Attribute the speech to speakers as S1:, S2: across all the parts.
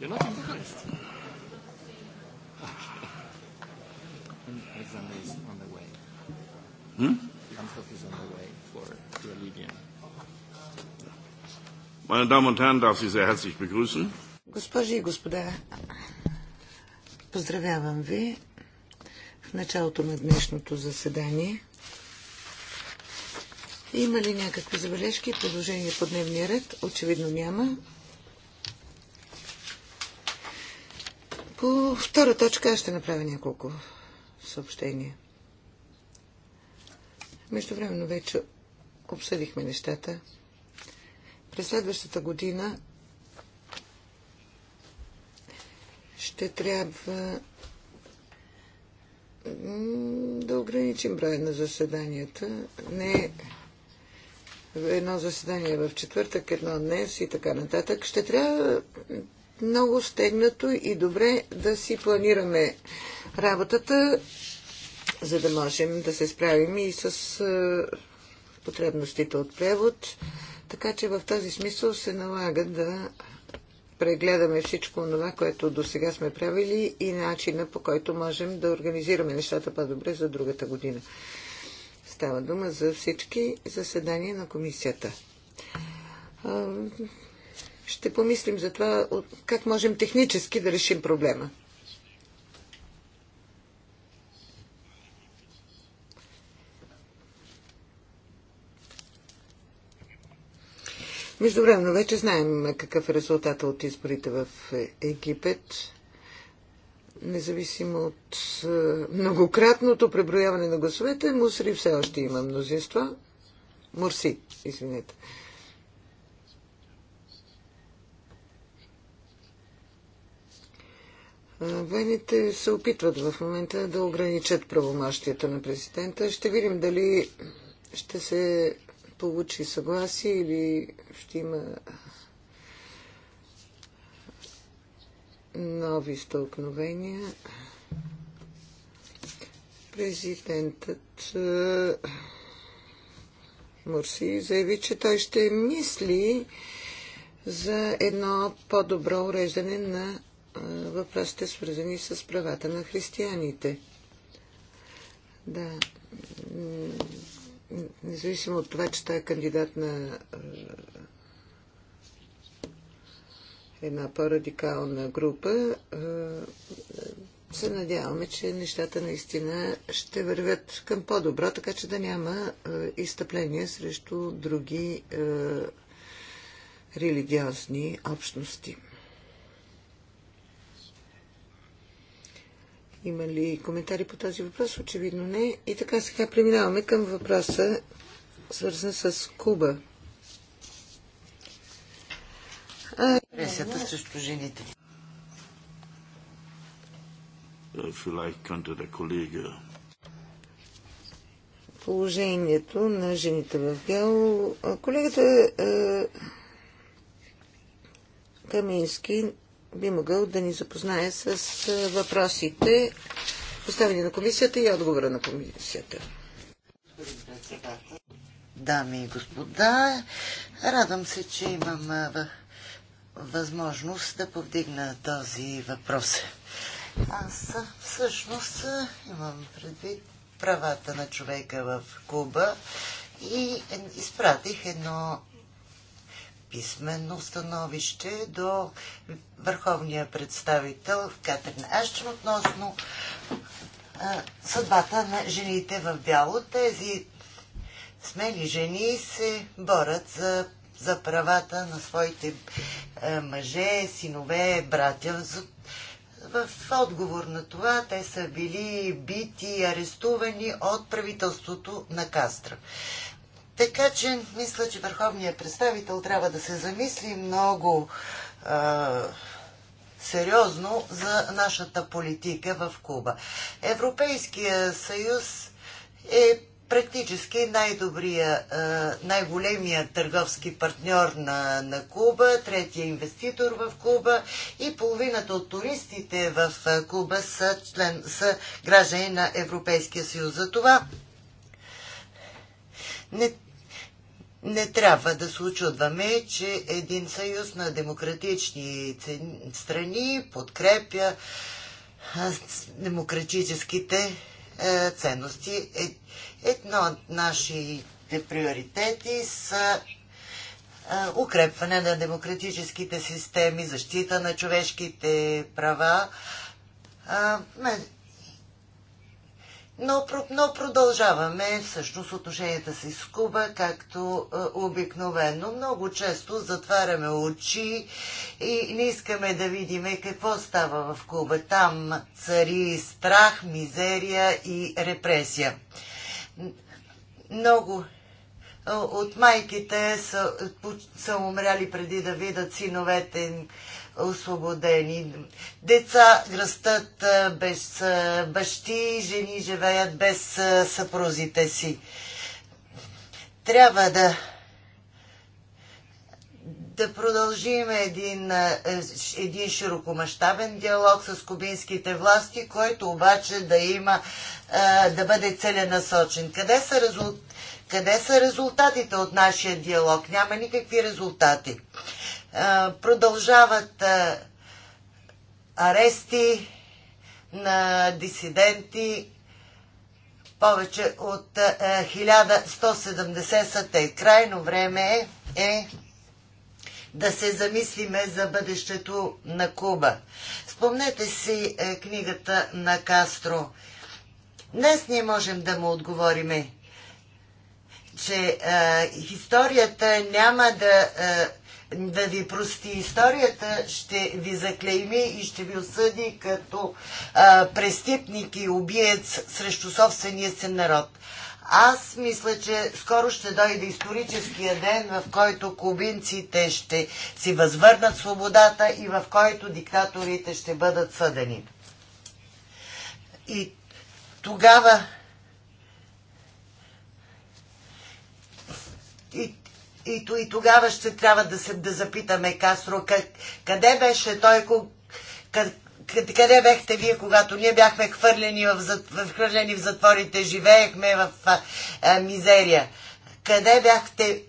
S1: You're not impressed. Hmm? Meine Damen und Herren, darf Sie sehr herzlich begrüßen. Госпожи и господа, поздравявам ви в началото на днешното заседание. Има ли някакви забележки и предложения по дневния ред? Очевидно няма. По втора точка ще направя няколко съобщения. Между времено вече обсъдихме нещата. През следващата година ще трябва да ограничим броя на заседанията. Не едно заседание в четвъртък, едно днес и така нататък. Ще трябва много стегнато и добре да си планираме работата, за да можем да се справим и с е, потребностите от превод. Така че в този смисъл се налага да прегледаме всичко това, което до сега сме правили и начина по който можем да организираме нещата по-добре за другата година. Става дума за всички заседания на комисията ще помислим за това как можем технически да решим проблема. Междувременно вече знаем какъв е резултата от изборите в Египет. Независимо от е, многократното преброяване на гласовете, Мусри все още има мнозинство. Мурси, извинете. Вените се опитват в момента да ограничат правомащията на президента. Ще видим дали ще се получи съгласие или ще има нови стълкновения. Президентът Мурси заяви, че той ще мисли за едно по-добро уреждане на въпросите, свързани с правата на християните. Да. Независимо от това, че той е кандидат на една по-радикална група, се надяваме, че нещата наистина ще вървят към по-добро, така че да няма изтъпление срещу други религиозни общности. Има ли коментари по този въпрос? Очевидно не. И така сега преминаваме към въпроса, свързан с Куба. Агресията срещу жените. Положението на жените в бяло. Колегата е, е, Камински би могъл да ни запознае с въпросите, поставени на
S2: комисията и отговора на комисията. Дами и господа, радвам се, че имам възможност да повдигна този въпрос. Аз всъщност имам предвид правата на човека в Куба и е, изпратих едно писменно становище до върховния представител Катерина Ащен относно а, съдбата на жените в бяло. Тези смели жени се борят за, за правата на своите а, мъже, синове, братя. В отговор на това те са били бити, и арестувани от правителството на Кастра. Така че мисля, че върховният представител трябва да се замисли много а, сериозно за нашата политика в Куба. Европейския съюз е практически най-добрия, най-големия търговски партньор на, на Куба, третия инвеститор в Куба и половината от туристите в Куба са, член, са граждани на Европейския съюз. За това не, не трябва да се очудваме, че един съюз на демократични страни подкрепя демократическите е, ценности. Е, едно от нашите приоритети са е, укрепване на демократическите системи, защита на човешките права, но, но продължаваме всъщност отношенията си с Куба, както е, обикновено. Много често затваряме очи и не искаме да видим какво става в Куба. Там цари страх, мизерия и репресия. Много е, от майките са, е, са умряли преди да видят синовете им освободени. Деца растат без бащи, жени живеят без съпрузите си. Трябва да да продължим един, е, един широкомащабен диалог с кубинските власти, който обаче да има, да бъде целенасочен. Къде са, резулт... Къде са резултатите от нашия диалог? Няма никакви резултати. Продължават арести на дисиденти. Повече от 1170 са те. Крайно време е, е да се замислиме за бъдещето на Куба. Спомнете си е, книгата на Кастро. Днес ние можем да му отговориме, че е, историята няма да е, да ви прости историята, ще ви заклейми и ще ви осъди като а, престъпник и убиец срещу собствения си народ. Аз мисля, че скоро ще дойде историческия ден, в който кубинците ще си възвърнат свободата и в който диктаторите ще бъдат съдени. И тогава и и, и тогава ще трябва да се да запитаме Кастро, как, къде беше той, къд, къде бяхте вие, когато ние бяхме хвърлени в, в, хвърлени в затворите, живеехме в а, а, мизерия? Къде бяхте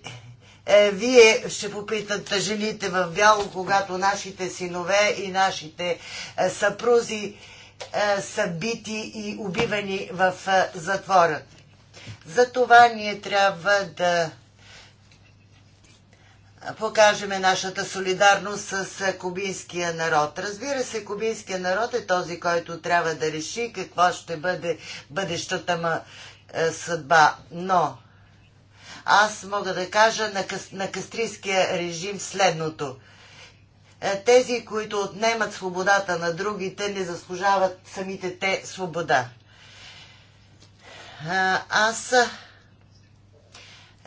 S2: е, вие, ще попитат жените в бяло, когато нашите синове и нашите е, съпрузи е, са бити и убивани в е, затвора? За това ние трябва да покажеме нашата солидарност с е, кубинския народ. Разбира се, кубинския народ е този, който трябва да реши какво ще бъде бъдещата му е, съдба. Но аз мога да кажа на, къс, на кастрийския режим следното. Е, тези, които отнемат свободата на другите, не заслужават самите те свобода. Аз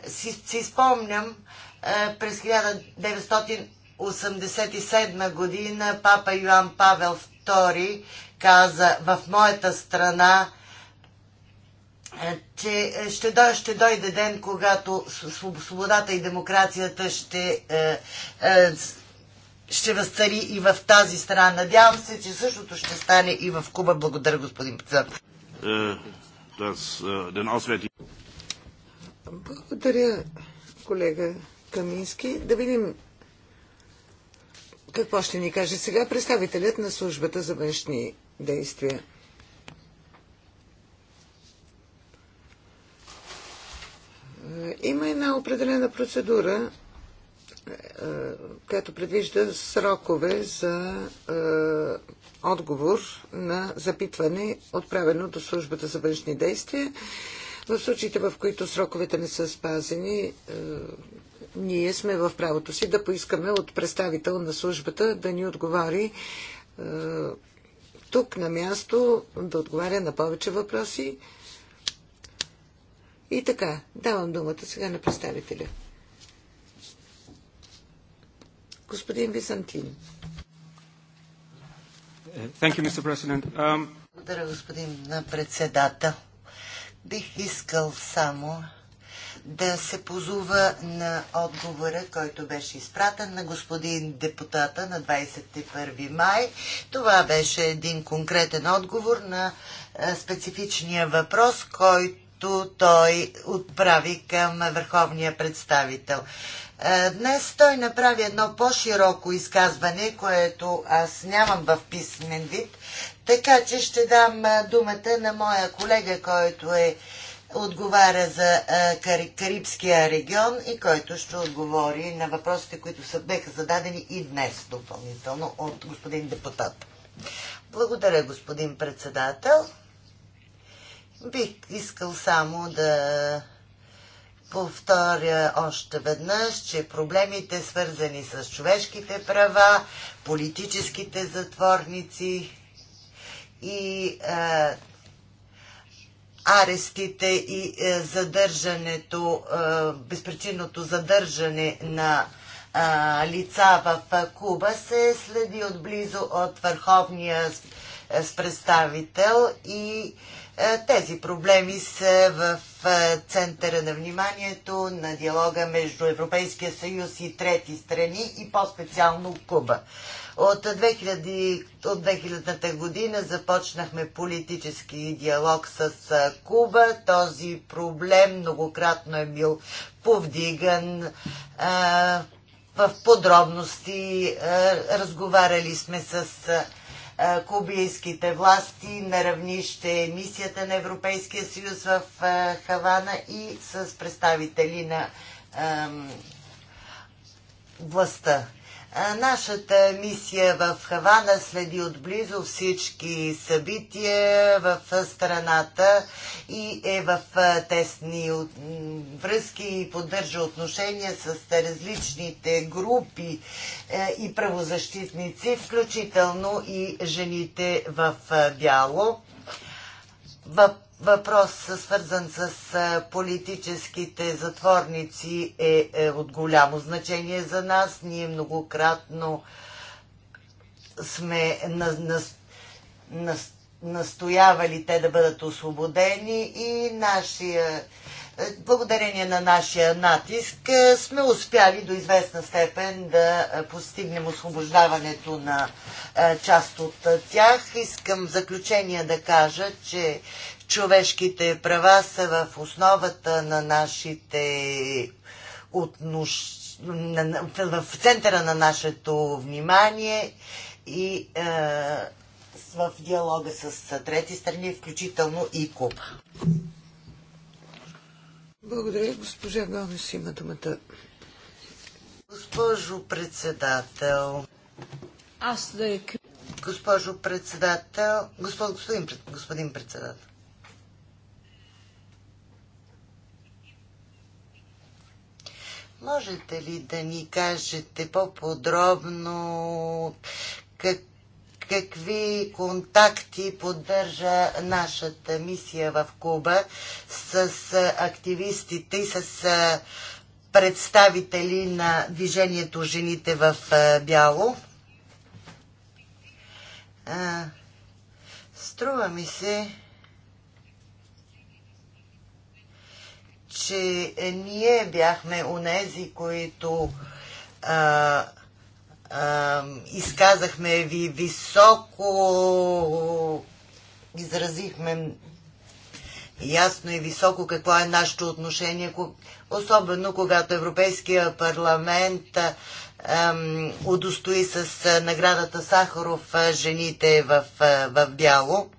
S2: си, си спомням, е, през 1987 година папа Йоан Павел II каза в моята страна, е, че е, ще, дойде, ще дойде ден, когато свободата и демокрацията ще, ще възцари и в тази страна. Надявам се, че същото ще стане и в Куба. Благодаря, господин председател. Благодаря,
S1: колега Камински. Да видим какво ще ни каже сега представителят на службата за външни действия. Има една определена процедура, е, която предвижда срокове за е, отговор на запитване, отправено до службата за външни действия. В случаите, в които сроковете не са спазени, е, ние сме в правото си да поискаме от представител на службата да ни отговори е, тук на място, да отговаря на повече въпроси. И така, давам думата сега на представителя. Господин Висантин.
S3: You, um...
S2: Благодаря, господин председател. Бих искал само да се позова на отговора, който беше изпратен на господин депутата на 21 май. Това беше един конкретен отговор на е, специфичния въпрос, който той отправи към върховния представител. Е, днес той направи едно по-широко изказване, което аз нямам в писмен вид, така че ще дам е, думата на моя колега, който е отговаря за Карибския регион и който ще отговори на въпросите, които са беха зададени и днес допълнително от господин депутат. Благодаря, господин председател. Бих искал само да повторя още веднъж, че проблемите свързани с човешките права, политическите затворници и арестите и е, задържането, е, безпричинното задържане на е, лица в Куба се следи отблизо от върховния представител и тези проблеми са в центъра на вниманието на диалога между Европейския съюз и трети страни и по-специално Куба. От, 2000, от 2000-та година започнахме политически диалог с Куба. Този проблем многократно е бил повдиган а, в подробности. А, разговаряли сме с а, кубийските власти на равнище мисията на Европейския съюз в а, Хавана и с представители на а, властта. Нашата мисия в Хавана следи отблизо всички събития в страната и е в тесни връзки и поддържа отношения с различните групи е, и правозащитници, включително и жените в бяло. В въпрос, свързан с политическите затворници, е, е, от голямо значение за нас. Ние многократно сме на, на, на, настоявали те да бъдат освободени и нашия, е, благодарение на нашия натиск е, сме успяли до известна степен да постигнем освобождаването на част от тях. Искам в заключение да кажа, че човешките права са в основата на нашите отнош... в центъра на нашето внимание и е, в диалога с трети страни, включително и Куба.
S1: Благодаря. Госпожа Гомес има думата.
S2: Госпожо председател. Аз да е... Госпожо председател. господин, господин председател. Можете ли да ни кажете по-подробно как, какви контакти поддържа нашата мисия в Куба с активистите и с представители на движението Жените в бяло? Струва ми се, че е, ние бяхме унези, които а, а, изказахме ви високо, изразихме ясно и високо какво е нашето отношение, особено когато Европейския парламент а, удостои с наградата Сахаров жените в, в бяло.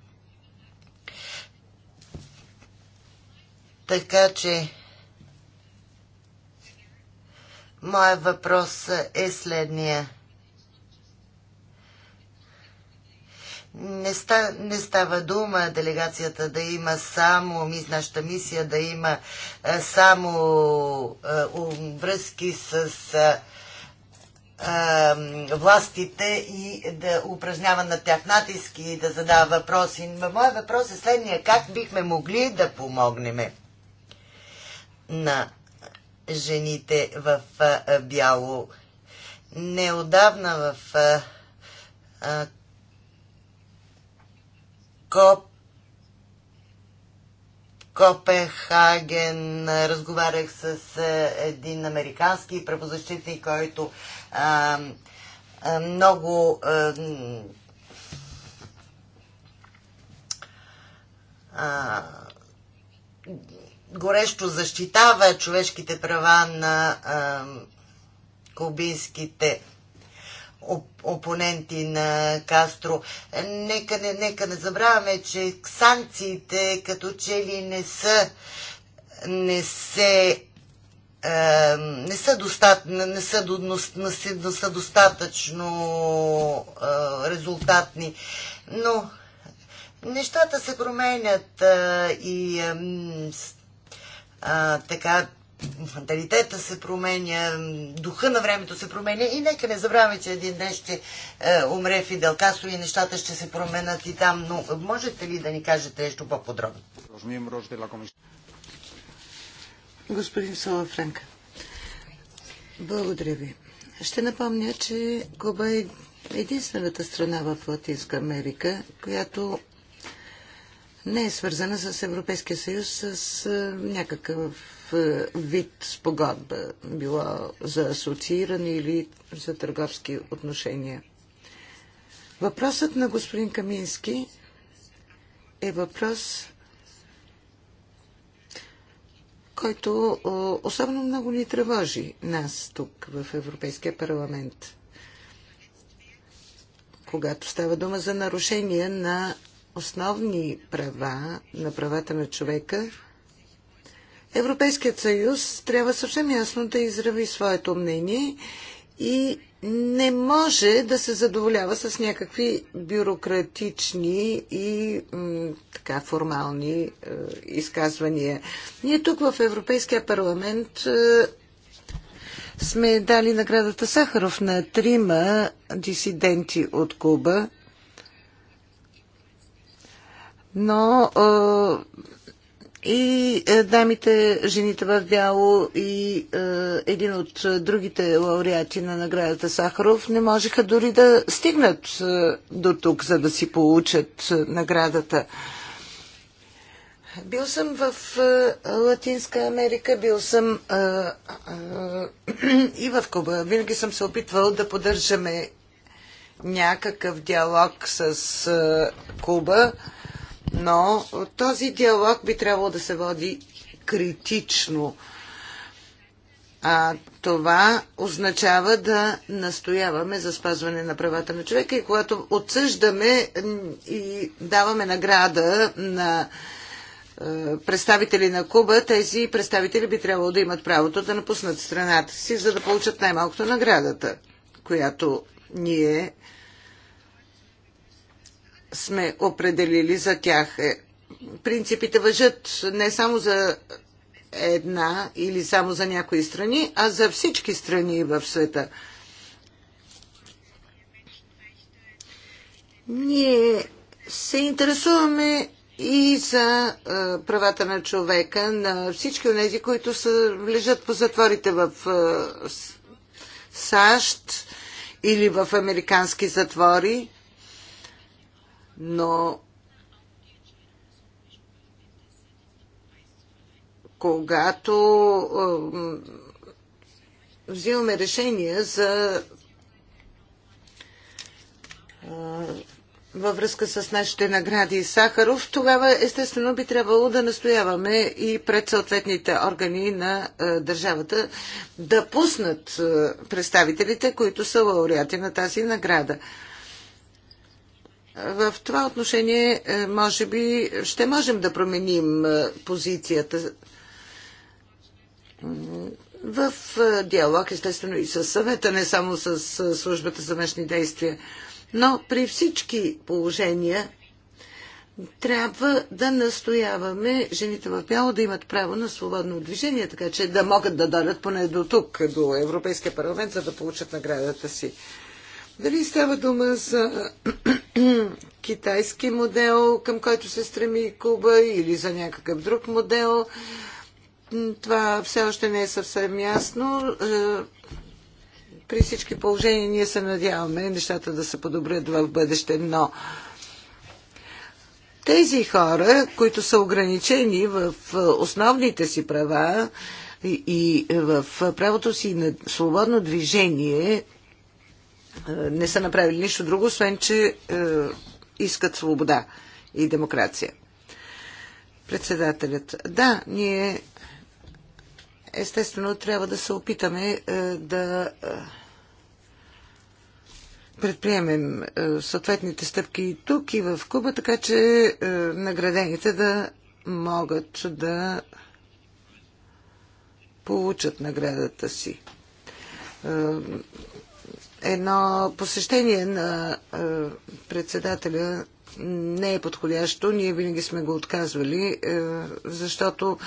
S2: Така че моят въпрос е следния. Не, ста, не става дума делегацията да има само, нашата мисия да има а, е, само а, е, връзки с а, е, властите и да упражнява на тях натиски и да задава въпроси. моя въпрос е следния. Как бихме могли да помогнем? на жените в бяло. Неодавна в Коп Копенхаген. Разговарях с един американски правозащитник, който а, а, много а, а, горещо защитава човешките права на а, кубинските опоненти на Кастро. Нека не, нека не забравяме, че санкциите като че ли не са не се не са, достат, не, са, не са достатъчно е, резултатни. Но нещата се променят е, и е, а, така менталитета се променя, духа на времето се променя и нека не забравяме, че един ден ще е, умре Фидел Касо и нещата ще се променят и там, но можете ли да ни кажете нещо по-подробно?
S1: Господин Салафранка, благодаря ви. Ще напомня, че Куба е единствената страна в Латинска Америка, която не е свързана с Европейския съюз с някакъв вид спогодба, било за асоцииране или за търговски отношения. Въпросът на господин Камински е въпрос, който особено много ни тревожи нас тук в Европейския парламент, когато става дума за нарушение на основни права, на правата на човека, Европейският съюз трябва съвсем ясно да израви своето мнение и не може да се задоволява с някакви бюрократични и така формални е, изказвания. Ние тук в Европейския парламент е, сме дали наградата Сахаров на трима дисиденти от Куба – но и е, дамите, жените в бяло и е, един от другите лауреати на наградата Сахаров не можеха дори да стигнат е, до тук, за да си получат наградата. Бил съм в Латинска Америка, бил съм и в Куба. Винаги съм се опитвал да поддържаме някакъв диалог с Куба но този диалог би трябвало да се води критично. А това означава да настояваме за спазване на правата на човека и когато отсъждаме и даваме награда на е, представители на Куба, тези представители би трябвало да имат правото да напуснат страната си, за да получат най-малкото наградата, която ние сме определили за тях. Е, принципите въжат не само за една или само за някои страни, а за всички страни в света. Ние се интересуваме и за а, е, правата на човека, на всички от тези, които са, лежат по затворите в а, е, САЩ или в американски затвори но когато взимаме решения за във връзка с нашите награди Сахаров, тогава естествено би трябвало да настояваме и пред съответните органи на държавата да пуснат представителите, които са лауреати на тази награда. В това отношение, е, може би, ще можем да променим е, позицията в е, диалог, естествено, и с съвета, не само с службата за външни действия. Но при всички положения трябва да настояваме жените в бяло да имат право на свободно движение, така че да могат да дадат поне до тук, до Европейския парламент, за да получат наградата си. Дали става дума за китайски модел, към който се стреми Куба, или за някакъв друг модел? Това все още не е съвсем ясно. Е, при всички положения ние се надяваме нещата да се подобрят в бъдеще, но тези хора, които са ограничени в основните си права и в правото си на свободно движение, е, не са направили нищо друго, освен че е, искат свобода и демокрация. Председателят. Да, ние естествено трябва да се опитаме е, да предприемем съответните стъпки и тук, и в Куба, така че наградените да могат да получат наградата си едно посещение на е, председателя не е подходящо. Ние винаги сме го отказвали, е, защото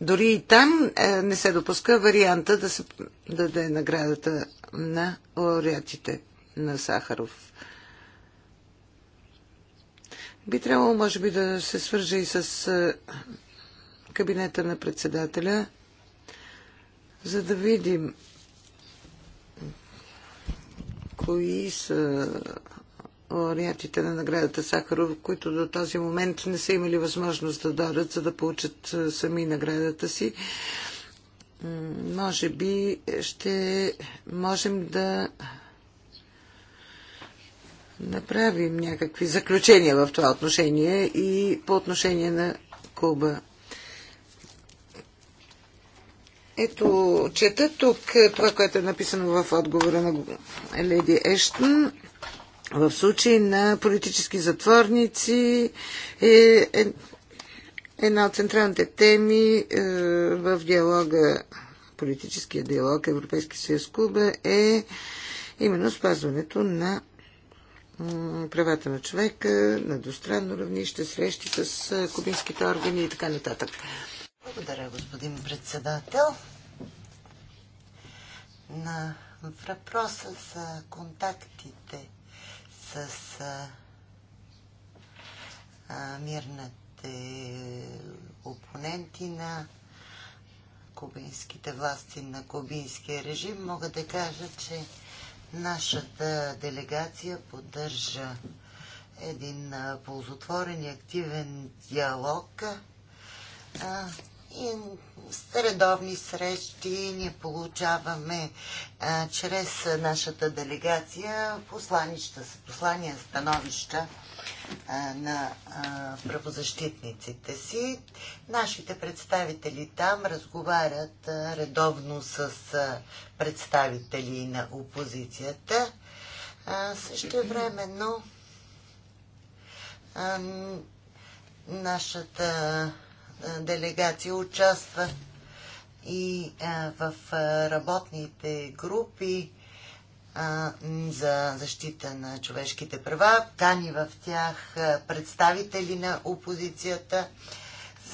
S1: дори и там е, не се допуска варианта да се даде наградата на лауреатите на Сахаров. Би трябвало, може би, да се свържа и с кабинета на председателя, за да видим кои са лауреатите на наградата Сахаров, които до този момент не са имали възможност да дойдат, за да получат сами наградата си. Може би ще можем да направим някакви заключения в това отношение и по отношение на Куба. Ето, чета тук това, което е написано в отговора на леди Ештън. В случай на политически затворници е, е една от централните теми е, в диалога, политическия диалог Европейски съюз Куба е именно спазването на правата на човека, на двустранно равнище, срещи с е, кубинските органи и така
S2: нататък. Благодаря, господин председател. На въпроса за контактите с а, мирните опоненти на кубинските власти, на кубинския режим, мога да кажа, че нашата делегация поддържа един ползотворен и активен диалог и редовни срещи ние получаваме а, чрез нашата делегация посланища, послания, становища а, на а, правозащитниците си. Нашите представители там разговарят а, редовно с а, представители на опозицията. А, също времено нашата делегация участва и в работните групи за защита на човешките права, кани в тях представители на опозицията,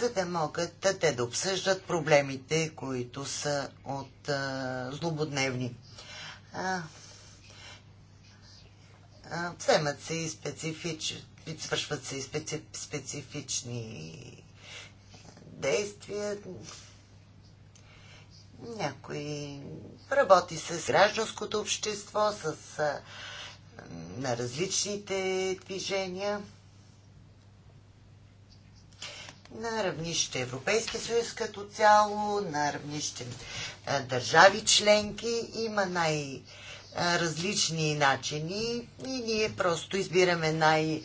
S2: за да могат те да обсъждат проблемите, които са от злободневни. Вземат се и специфични, свършват се и специфични действия. Някои работи с гражданското общество, с на различните движения на равнище Европейски съюз като цяло, на равнище държави членки. Има най- различни начини и ние просто избираме най-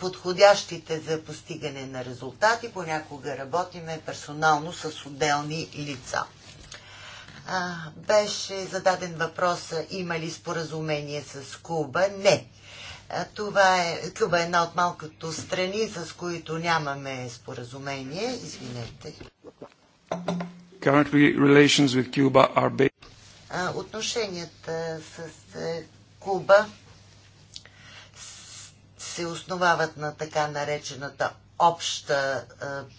S2: подходящите за постигане на резултати. Понякога работиме персонално с отделни лица. Беше зададен въпрос има ли споразумение с Куба. Не. Това е, Куба е една от малкото страни, с които нямаме споразумение. Извинете. Currently relations with Cuba are Отношенията с е, Куба се основават на така наречената обща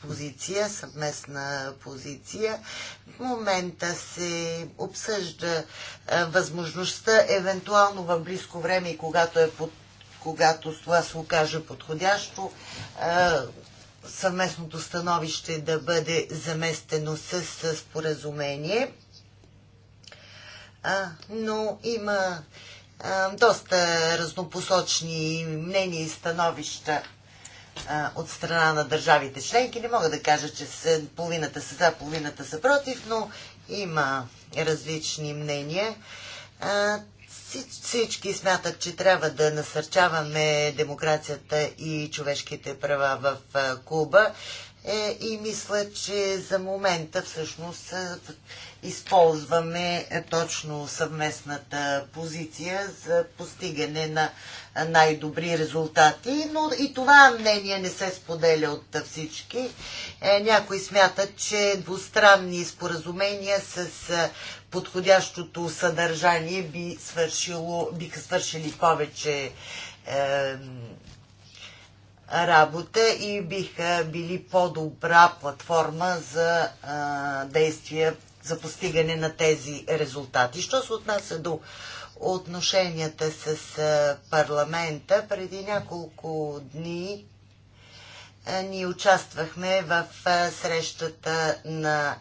S2: позиция, съвместна позиция. В момента се обсъжда възможността, евентуално в близко време и когато, е под, когато това се окаже подходящо, съвместното становище да бъде заместено с споразумение. но има доста разнопосочни мнения и становища от страна на държавите членки. Не мога да кажа, че половината са за, половината са против, но има различни мнения. Всички смятат, че трябва да насърчаваме демокрацията и човешките права в Куба. Е, и мисля, че за момента всъщност използваме е, точно съвместната позиция за постигане на най-добри резултати, но и това мнение не се споделя от всички. Е, някои смятат, че двустранни споразумения с е, подходящото съдържание би свършило, биха свършили повече е, работа и биха били по-добра платформа за а, действия за постигане на тези резултати. Що се отнася до отношенията с парламента, преди няколко дни ние участвахме в срещата на,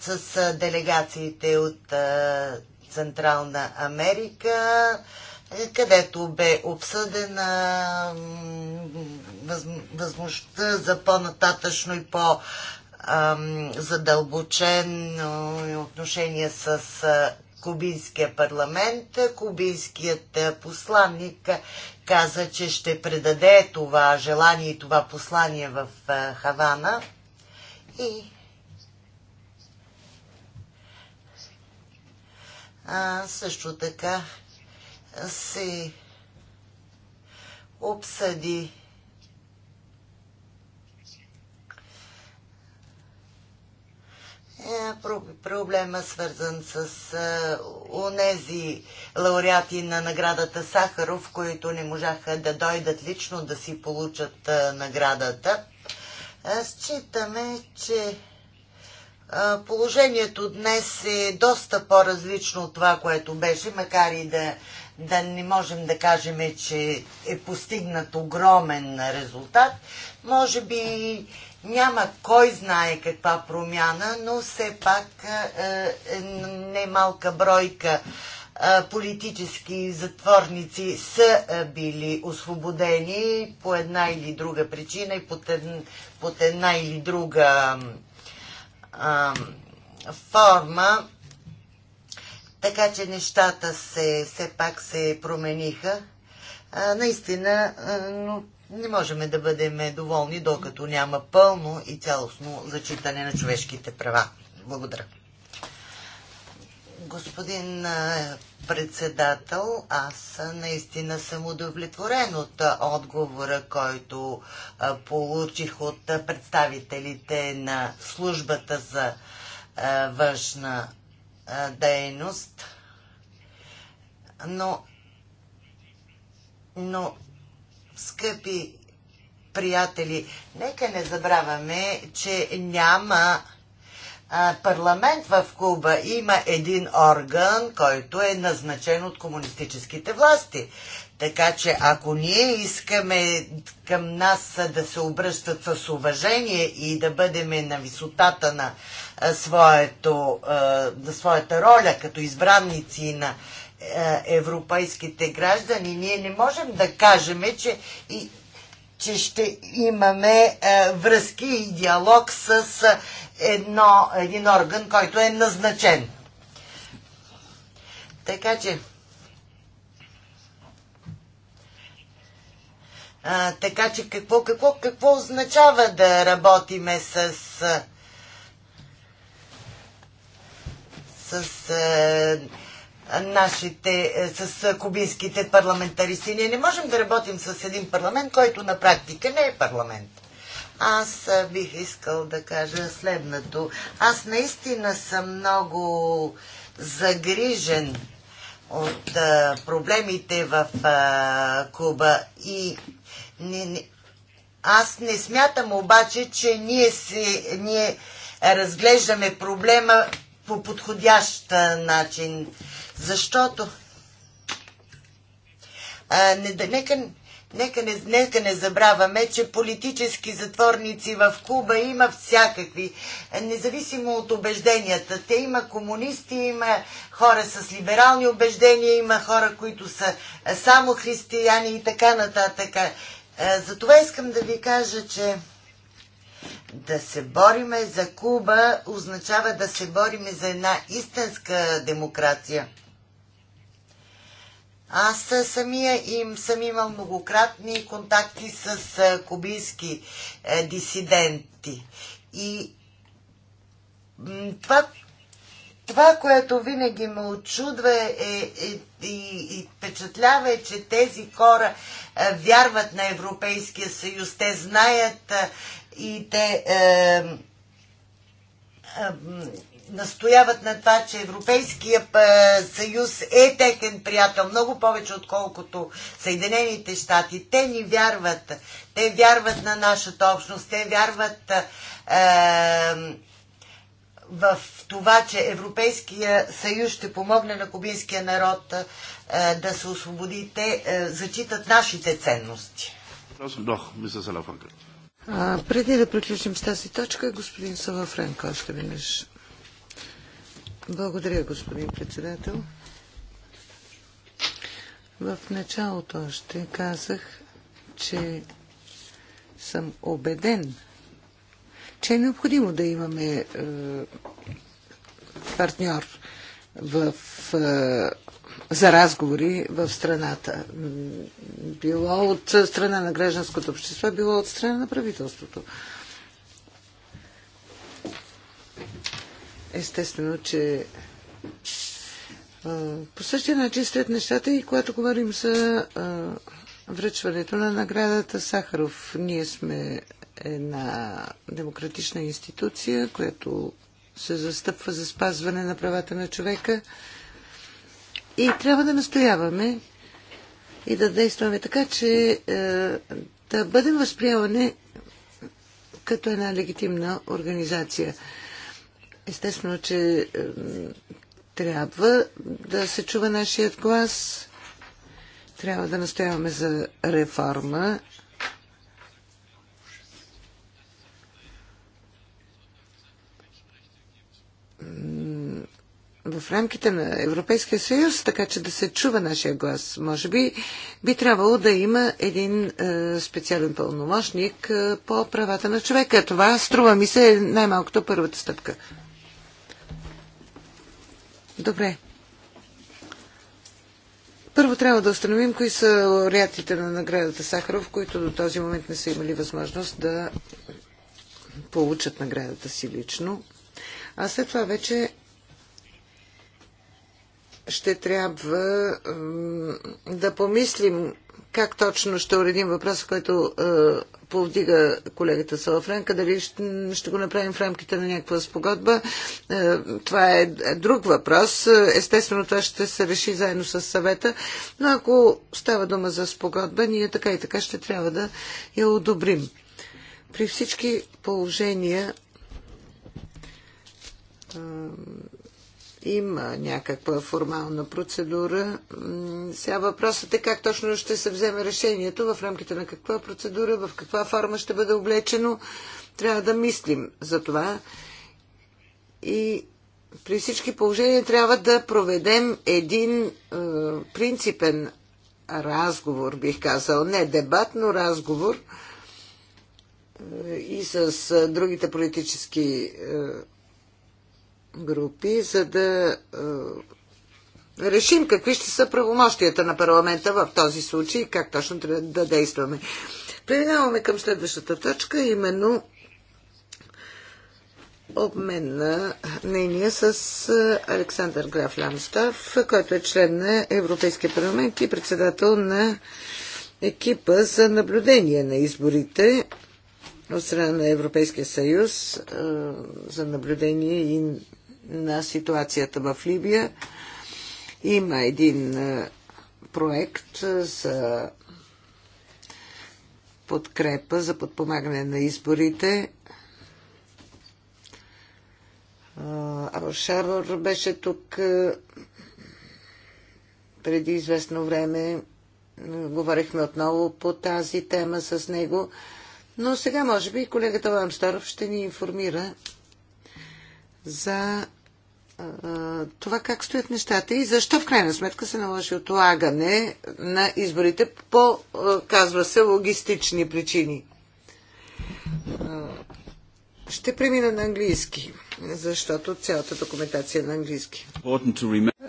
S2: с делегациите от Централна Америка, където бе обсъдена възможността за по-нататъчно и по- задълбочено отношение с Кубинския парламент. Кубинският посланник каза, че ще предаде това желание и това послание в Хавана. И а, също така се обсъди Е, проблема свързан с е, онези лауреати на наградата Сахаров, които не можаха да дойдат лично да си получат е, наградата. Считаме, че положението днес е доста по-различно от това, което беше, макар и да, да не можем да кажем, че е постигнат огромен резултат. Може би няма кой знае каква промяна, но все пак е, е немалка бройка е, политически затворници са е, били освободени по една или друга причина и под, една, под една или друга а, форма. Така че нещата се, все пак се промениха. А, наистина, а, но не можем да бъдем доволни, докато няма пълно и цялостно зачитане на човешките права. Благодаря. Господин председател, аз наистина съм удовлетворен от отговора, който получих от представителите на службата за външна дейност. Но, но скъпи приятели, нека не забравяме, че няма парламент в Куба. Има един орган, който е назначен от комунистическите власти. Така че ако ние искаме към нас да се обръщат с уважение и да бъдем на висотата на, своето, на своята роля като избранници на е, европейските граждани. Ние не можем да кажем, че, че ще имаме е, връзки и диалог с е, едно, един орган, който е назначен. Така че. А, така че какво, какво, какво означава да работиме с, с, с нашите, е, с е, кубинските парламентаристи. Ние не можем да работим с един парламент, който на практика не е парламент. Аз е, бих искал да кажа следното. Аз наистина съм много загрижен от проблемите в Куба и не, не, аз не смятам обаче, че ние, се, ние разглеждаме проблема по подходящ начин. Защото а, не, нека, нека, не, нека не забравяме, че политически затворници в Куба има всякакви, независимо от убежденията. Те има комунисти, има хора с либерални убеждения, има хора, които са само християни и така нататък. Затова искам да ви кажа, че да се бориме за Куба означава да се бориме за една истинска демокрация. Аз самия им съм имал многократни контакти с кубински е, дисиденти. И това, това, което винаги ме очудва е, е, и, и впечатлява е, че тези хора е, вярват на Европейския съюз. Те знаят е, и те. Е, е, настояват на това, че Европейския е, съюз е техен приятел много повече отколкото Съединените щати. Те ни вярват. Те вярват на нашата общност. Те вярват е, в това, че Европейския съюз ще помогне на кубинския народ е, да се освободи. Те е, зачитат нашите ценности.
S1: А, преди да приключим с тази точка, господин Сава Френко, още веднъж. Благодаря, господин председател. В началото ще казах, че съм убеден, че е необходимо да имаме е, партньор в, е, за разговори в страната. Било от страна на гражданското общество, било от страна на правителството. Е, естествено, че по същия начин стоят нещата и когато говорим за връчването на наградата Сахаров, ние сме една демократична институция, която се застъпва за спазване на правата на човека и трябва да настояваме и да действаме така, че е, да бъдем възприемани като една легитимна организация. Естествено, че трябва да се чува нашият глас. Трябва да настояваме за реформа. в рамките на Европейския съюз, така че да се чува нашия глас. Може би би трябвало да има един е, специален пълномощник е, по правата на човека. Това струва ми се е най-малкото първата стъпка. Добре. Първо трябва да установим кои са лауреатите на наградата Сахаров, които до този момент не са имали възможност да получат наградата си лично. А след това вече ще трябва да помислим как точно ще уредим въпроса, който е, повдига колегата Салафренка, дали ще, ще го направим в рамките на някаква спогодба. Е, това е друг въпрос. Естествено, това ще се реши заедно с съвета, но ако става дума за спогодба, ние така и така ще трябва да я одобрим. При всички положения е, има някаква формална процедура. Сега въпросът е как точно ще се вземе решението, в рамките на каква процедура, в каква форма ще бъде облечено. Трябва да мислим за това. И при всички положения трябва да проведем един е, принципен разговор, бих казал. Не дебат, но разговор е, и с е, другите политически е, групи, за да е, решим какви ще са правомощията на парламента в този случай и как точно трябва да действаме. Преминаваме към следващата точка, именно обмен на мнение с е, Александър Граф Ламстав, който е член на Европейския парламент и председател на екипа за наблюдение на изборите от страна на Европейския съюз е, за наблюдение и на ситуацията в Либия. Има един е, проект е, за подкрепа, за подпомагане на изборите. Е, Алшарор беше тук преди известно време. Говорихме отново по тази тема с него. Но сега, може би, колегата Ламсторов ще ни информира за това как стоят нещата и защо в крайна сметка се наложи отлагане на изборите по, казва се, логистични причини. Ще премина на английски, защото цялата документация е на английски.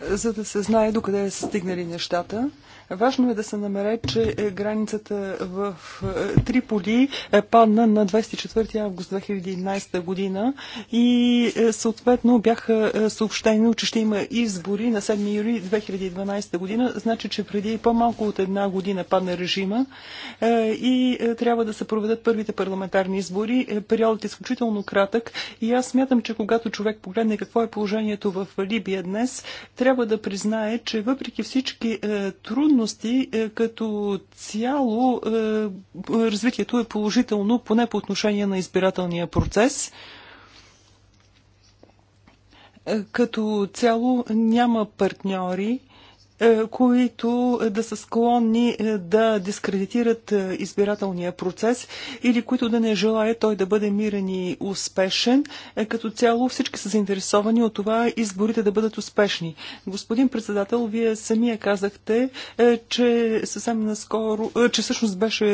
S3: За да се знае докъде са стигнали нещата, Важно е да се намере, че е, границата в е, Триполи е падна на 24 август 2011 година и е, съответно бяха съобщени, че ще има избори на 7 юли 2012 година. Значи, че преди по-малко от една година падна режима и трябва да се проведат първите парламентарни избори. Периодът е изключително кратък и аз смятам, че когато човек погледне какво е положението в Либия днес, трябва да признае, че въпреки всички трудности, стойности е, като цяло е, развитието е положително, поне по отношение на избирателния процес е, като цяло няма партньори, е, които е, да са склонни е, да дискредитират избирателния процес или които да не желаят той да бъде мирен и успешен. Като цяло всички са заинтересовани от това изборите да бъдат успешни. Господин председател, вие самия казахте, че съвсем наскоро, че всъщност беше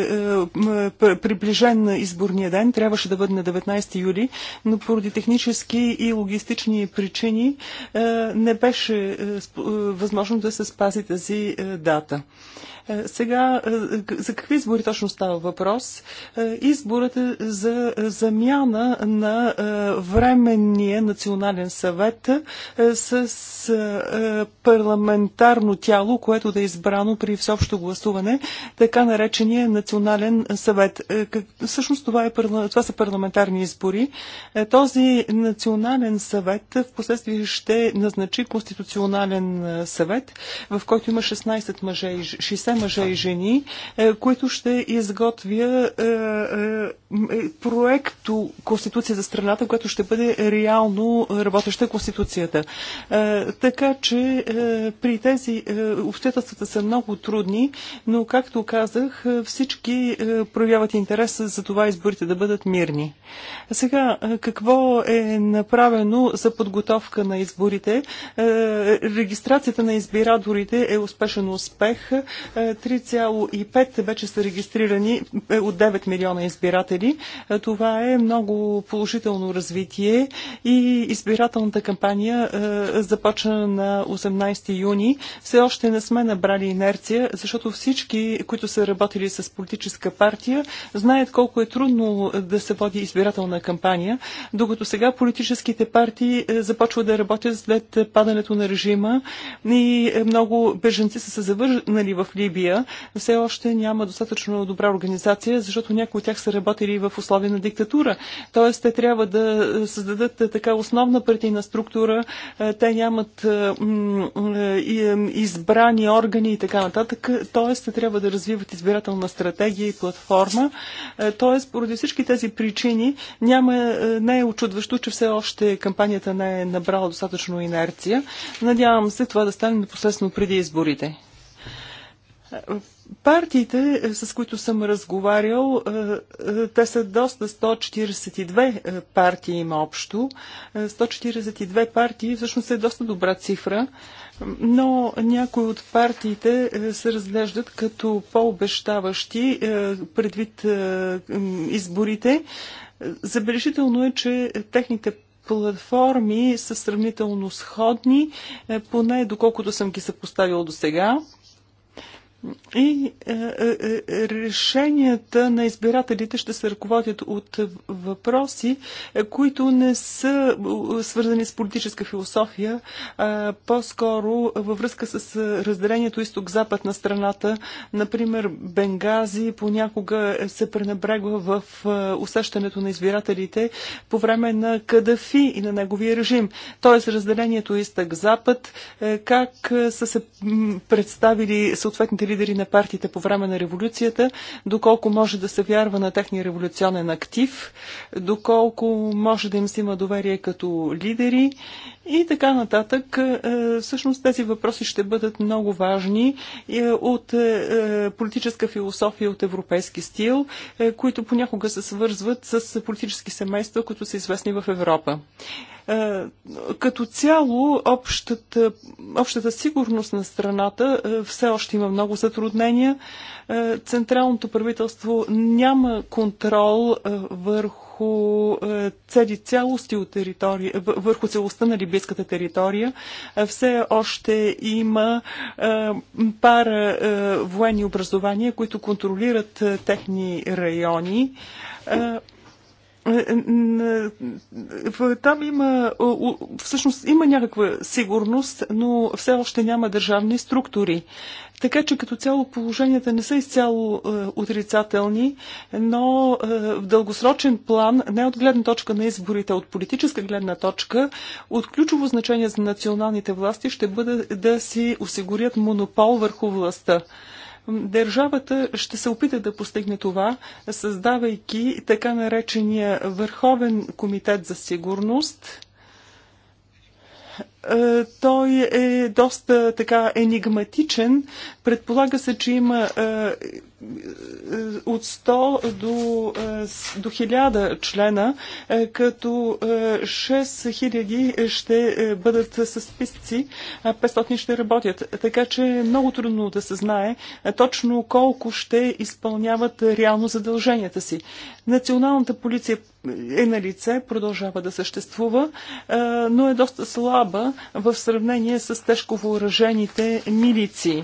S3: приближен изборния ден, трябваше да бъде на 19 юли, но поради технически и логистични причини не беше възможно да се Спасите тази е, дата. Е, сега, е, за какви избори точно става въпрос? Е, изборът е за замяна на Временния национален съвет с парламентарно тяло, което да е избрано при всеобщо гласуване, така наречения национален съвет. Всъщност това, е, това са парламентарни избори. Този национален съвет в последствие ще назначи конституционален съвет, в който има 16 мъже и 60 мъже и жени, е, които ще изготвя е, е, проекто Конституция за страната, която ще бъде реално работеща Конституцията. Така че при тези обстоятелствата са много трудни, но както казах, всички проявяват интерес за това изборите да бъдат мирни. Сега, какво е направено за подготовка на изборите? Регистрацията на избирадорите е успешен успех. 3,5 вече са регистрирани е, от 9 милиона избиратели. Е, това е много положително развитие и избирателната кампания е, започна на 18 юни. Все още не сме набрали инерция, защото всички, които са работили с политическа партия, знаят колко е трудно да се води избирателна кампания, докато сега политическите партии започват да работят след падането на режима и много беженци са се завърнали в Либия Сърбия, все още няма достатъчно добра организация, защото някои от тях са работили в условия на диктатура. Тоест, те трябва да създадат е, така основна партийна структура, е, те нямат е, избрани органи и така нататък. Тоест, те трябва да развиват избирателна стратегия и платформа. Тоест, поради всички тези причини няма, не е очудващо, че все още кампанията не е набрала достатъчно инерция. Надявам се това да стане непосредствено преди изборите. Партиите, е, с които съм разговарял, е, е, те са доста 142 партии има общо. 142 партии всъщност е доста добра цифра, но някои от партиите се разглеждат като по-обещаващи предвид изборите. Забележително е, че техните платформи са сравнително сходни, поне доколкото съм ги съпоставил до сега. И е, е, е, решенията на избирателите ще се ръководят от въпроси, е, които не са е, свързани с политическа философия, а по-скоро във връзка с разделението изток-запад на страната. Например, Бенгази понякога се пренебрегва в усещането на избирателите по време на Кадафи и на неговия режим. Тоест разделението изток-запад, как са се представили съответните лидери на партиите по време на революцията, доколко може да се вярва на техния революционен актив, доколко може да им се има доверие като лидери и така нататък. Е, всъщност тези въпроси ще бъдат много важни е, от е, политическа философия, от европейски стил, които понякога се свързват с политически семейства, които са известни в Европа. Е, като цяло, общата, общата сигурност на страната е, все още има много затруднения. Е, централното правителство няма контрол върху цели цялости от територия, върху целостта на либийската територия. Все още има пара военни образования, които контролират техни райони. Е, е, е, там има, всъщност има някаква сигурност, но все още няма държавни структури. Така че като цяло положенията не са изцяло е, отрицателни, но е, в дългосрочен план, не от гледна точка на изборите, а от политическа гледна точка, от ключово значение за националните власти ще бъде да си осигурят монопол върху властта. Държавата ще се опита да постигне това, създавайки така наречения Върховен комитет за сигурност. Е, той е доста така енигматичен, Предполага се, че има е, е, от 100 до, е, до 1000 члена, е, като е, 6000 ще е, бъдат с списци, а 500 ще работят. Така че е много трудно да се знае е, точно колко ще изпълняват реално задълженията си. Националната полиция е на лице, продължава да съществува, е, но е доста слаба в сравнение с тежко въоръжените милиции.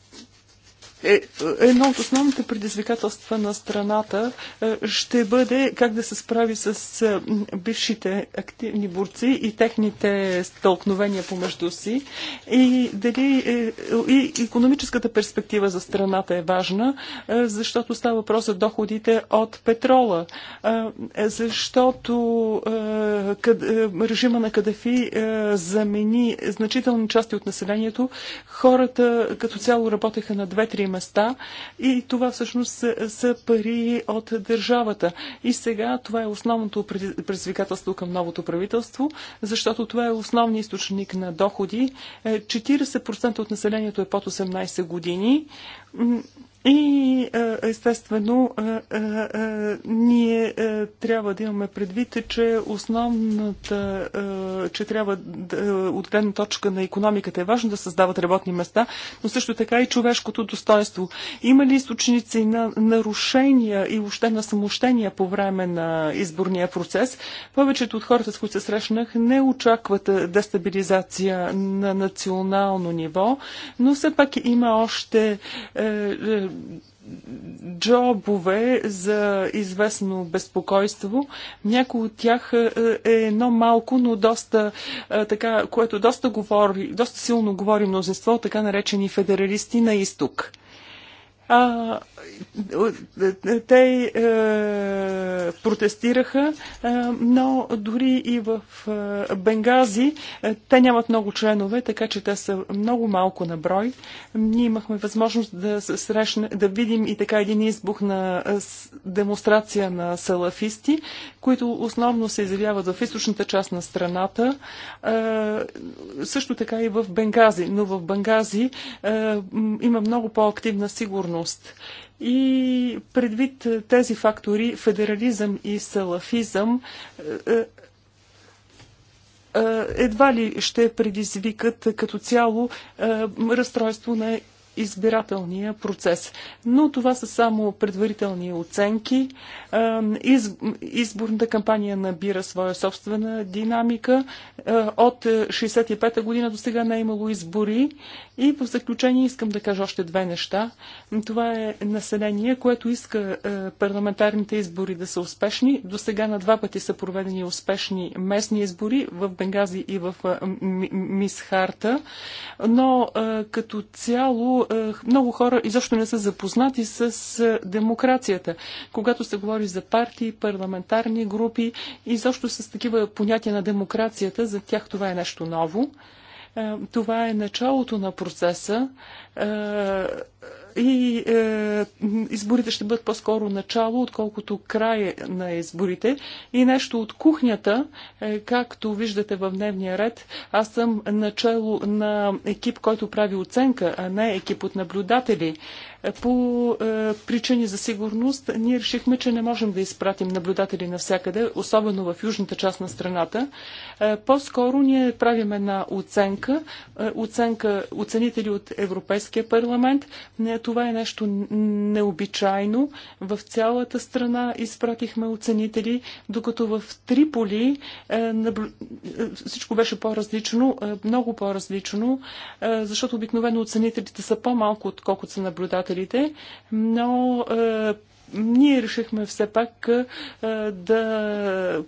S3: е, едно от основните предизвикателства на страната е, ще бъде как да се справи с е, бившите активни борци и техните стълкновения помежду си и дали е, и економическата перспектива за страната е важна, защото става въпрос за доходите от петрола, защото режима на Кадафи замени значителни части от населението. Хората като цяло работеха на 2-3 места и това всъщност са, са пари от държавата. И сега това е основното предизвикателство към новото правителство, защото това е основният източник на доходи. 40% е, от населението е под 18 години. И е, естествено, е, е, ние трябва да имаме предвид, че основната, че трябва да, от гледна точка на економиката е важно да създават работни места, но също така и човешкото достоинство. Има ли източници на нарушения и още на самощения по време на изборния процес? Повечето от хората, с които се срещнах, не очакват дестабилизация на национално ниво, но все пак има още джобове за известно безпокойство. Някои от тях е, е едно малко, но доста, е, така, което доста, говори, доста силно говори мнозинство, така наречени федералисти на изток. А, те е, протестираха, е, но дори и в е, Бенгази е, те нямат много членове, така че те са много малко на брой. Ние имахме възможност да срещне, да видим и така един избух на е, демонстрация на салафисти, които основно се изявяват в източната част на страната, е, също така и в Бенгази. Но в Бенгази е, има много по-активна сигурност реалност. И предвид тези фактори, федерализъм и салафизъм е, е, е, едва ли ще предизвикат като цяло разстройство на избирателния процес. Но това са само предварителни оценки. Изборната кампания набира своя собствена динамика. От 65-та година до сега не е имало избори. И в заключение искам да кажа още две неща. Това е население, което иска парламентарните избори да са успешни. До сега на два пъти са проведени успешни местни избори в Бенгази и в Мисхарта. Но като цяло е, много хора изобщо не са запознати с демокрацията. Когато се говори за партии, парламентарни групи, изобщо с такива понятия на демокрацията, за тях това е нещо ново. Е, това е началото на процеса е, и е, изборите ще бъдат по-скоро начало, отколкото края на изборите. И нещо от кухнята, е, както виждате в дневния ред, аз съм начало на екип, който прави оценка, а не екип от наблюдатели. Е, по е, причини за сигурност ние решихме, че не можем да изпратим наблюдатели навсякъде, особено в южната част на страната. Е, по-скоро ние правим една оценка, е, оценка оценители от Европейския парламент. Ние това е нещо необичайно. В цялата страна изпратихме оценители, докато в Триполи е, е, всичко беше по-различно, е, много по-различно, защото обикновено оценителите са по-малко, отколкото са наблюдателите, но ние решихме все пак да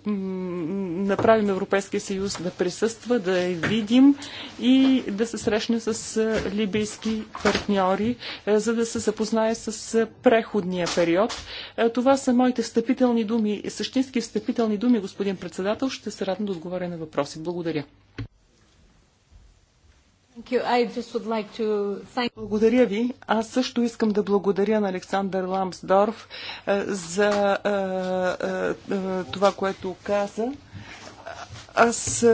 S3: направим Европейския съюз да присъства, да я видим и да се срещне с либийски партньори, за да се запознае с преходния период. Това са моите встъпителни думи, същински встъпителни думи, господин председател. Ще се радвам да отговоря на въпроси. Благодаря. Благодаря ви. Аз също искам да благодаря на Александър Ламсдорф е, за е, е, това, което каза. Аз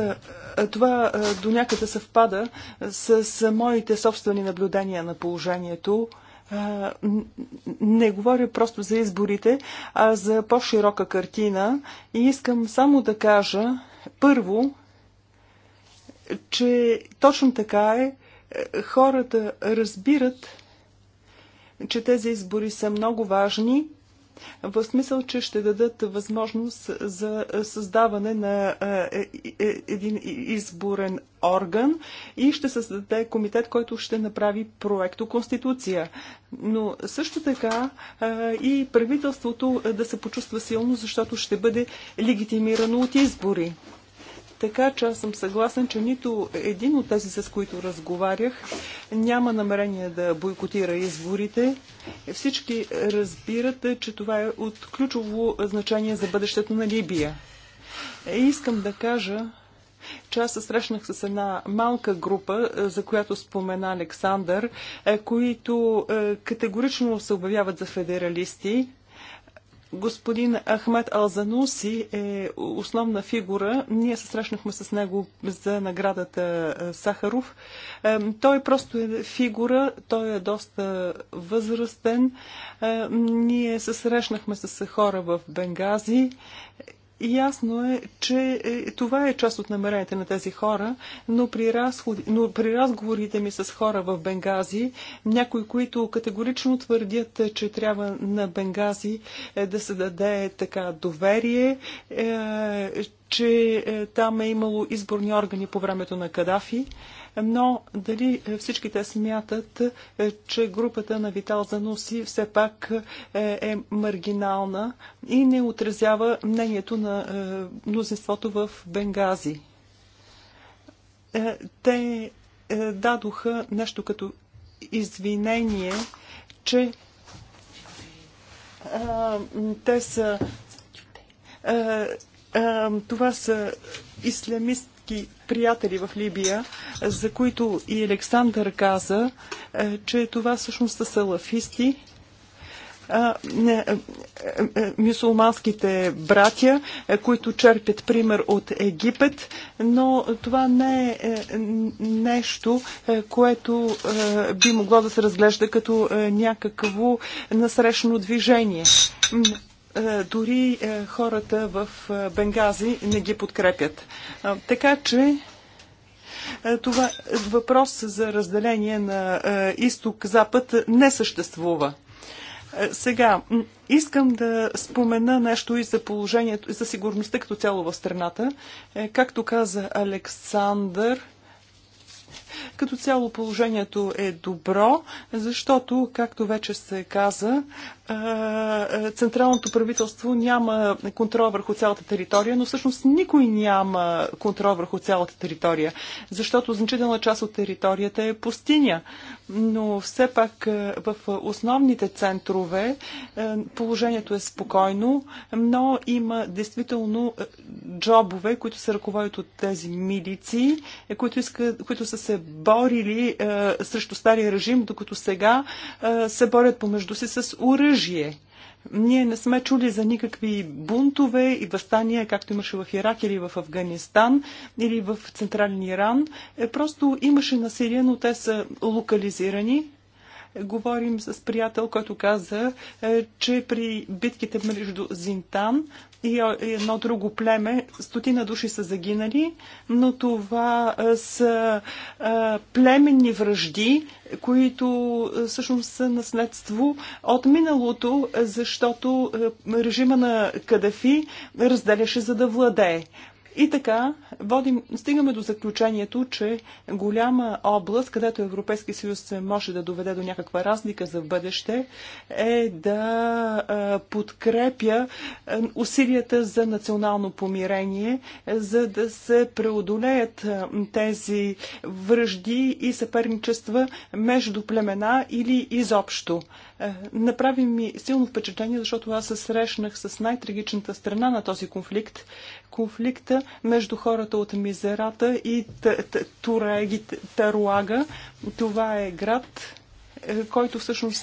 S3: това до някъде съвпада с моите собствени наблюдения на положението. Не говоря просто за изборите, а за по-широка картина и искам само да кажа първо, че точно така е. е, хората разбират, че тези избори са много важни, в смисъл, че ще дадат възможност за създаване на е, е, един изборен орган и ще създаде комитет, който ще направи проекто Конституция. Но също така и правителството да се почувства силно, защото ще бъде легитимирано от избори. Така че аз съм съгласен, че нито един от тези, с които разговарях, няма намерение да бойкотира изборите. Всички разбират, че това е от ключово значение за бъдещето на Либия. Е, искам да кажа, че аз се срещнах с една малка група, е, за която спомена Александър, е, които категорично се обявяват за федералисти Господин Ахмед Алзануси е основна фигура. Ние се срещнахме с него за наградата е, Сахаров. Е, той просто е фигура, той е доста възрастен. Е, ние се срещнахме с хора в Бенгази Ясно е, че е, това е част от намеренията на тези хора, но при, разходи, но при разговорите ми с хора в Бенгази, някои, които категорично твърдят, е, че трябва на Бенгази е, да се даде така доверие, че там е имало изборни органи по времето на Кадафи, но дали всички те смятат, че групата на Витал Заноси все пак е, е маргинална и не отразява мнението на е, мнозинството в Бенгази. Е, те дадоха нещо като извинение, че а, те са. А, а, това са ислямист, политически приятели в Либия, за които и Александър каза, е, че това всъщност са салафисти, е, е, мюсулманските братя, които черпят пример от Египет, но това не е нещо, което би могло да се разглежда като някакво насрещно движение. Е, дори е, хората в е, Бенгази не ги подкрепят. Така че това въпрос за разделение на изток-запад не съществува. Сега, искам да спомена нещо и за положението, и за сигурността като цяло в страната. Както каза Александър, като цяло положението е добро, защото, както вече се каза, централното правителство няма контрол върху цялата територия, но всъщност никой няма контрол върху цялата територия, защото значителна част от територията е пустиня. Но все пак в основните центрове положението е спокойно, но има действително джобове, които се ръководят от тези милици, които, иска, които са се борили срещу стария режим, докато сега се борят помежду си с оръжие оръжие. Ние не сме чули за никакви бунтове и възстания, както имаше в Ирак или в Афганистан или в Централен Иран. Е, просто имаше насилие, но те са локализирани Говорим с приятел, който каза, е, че при битките между Зинтан е, и едно друго племе, стотина души са загинали, но това е, са племенни връжди, които всъщност са наследство от миналото, защото режима на Кадафи разделяше за да владее. И така, водим, стигаме до заключението, че голяма област, където Европейски съюз може да доведе до някаква разлика за бъдеще, е да подкрепя усилията за национално помирение, за да се преодолеят тези връжди и съперничества между племена или изобщо. Е, направи ми силно впечатление, защото аз се срещнах с най-трагичната страна на този конфликт. Конфликта между хората от Мизерата и Таруага. Това е град, е, който всъщност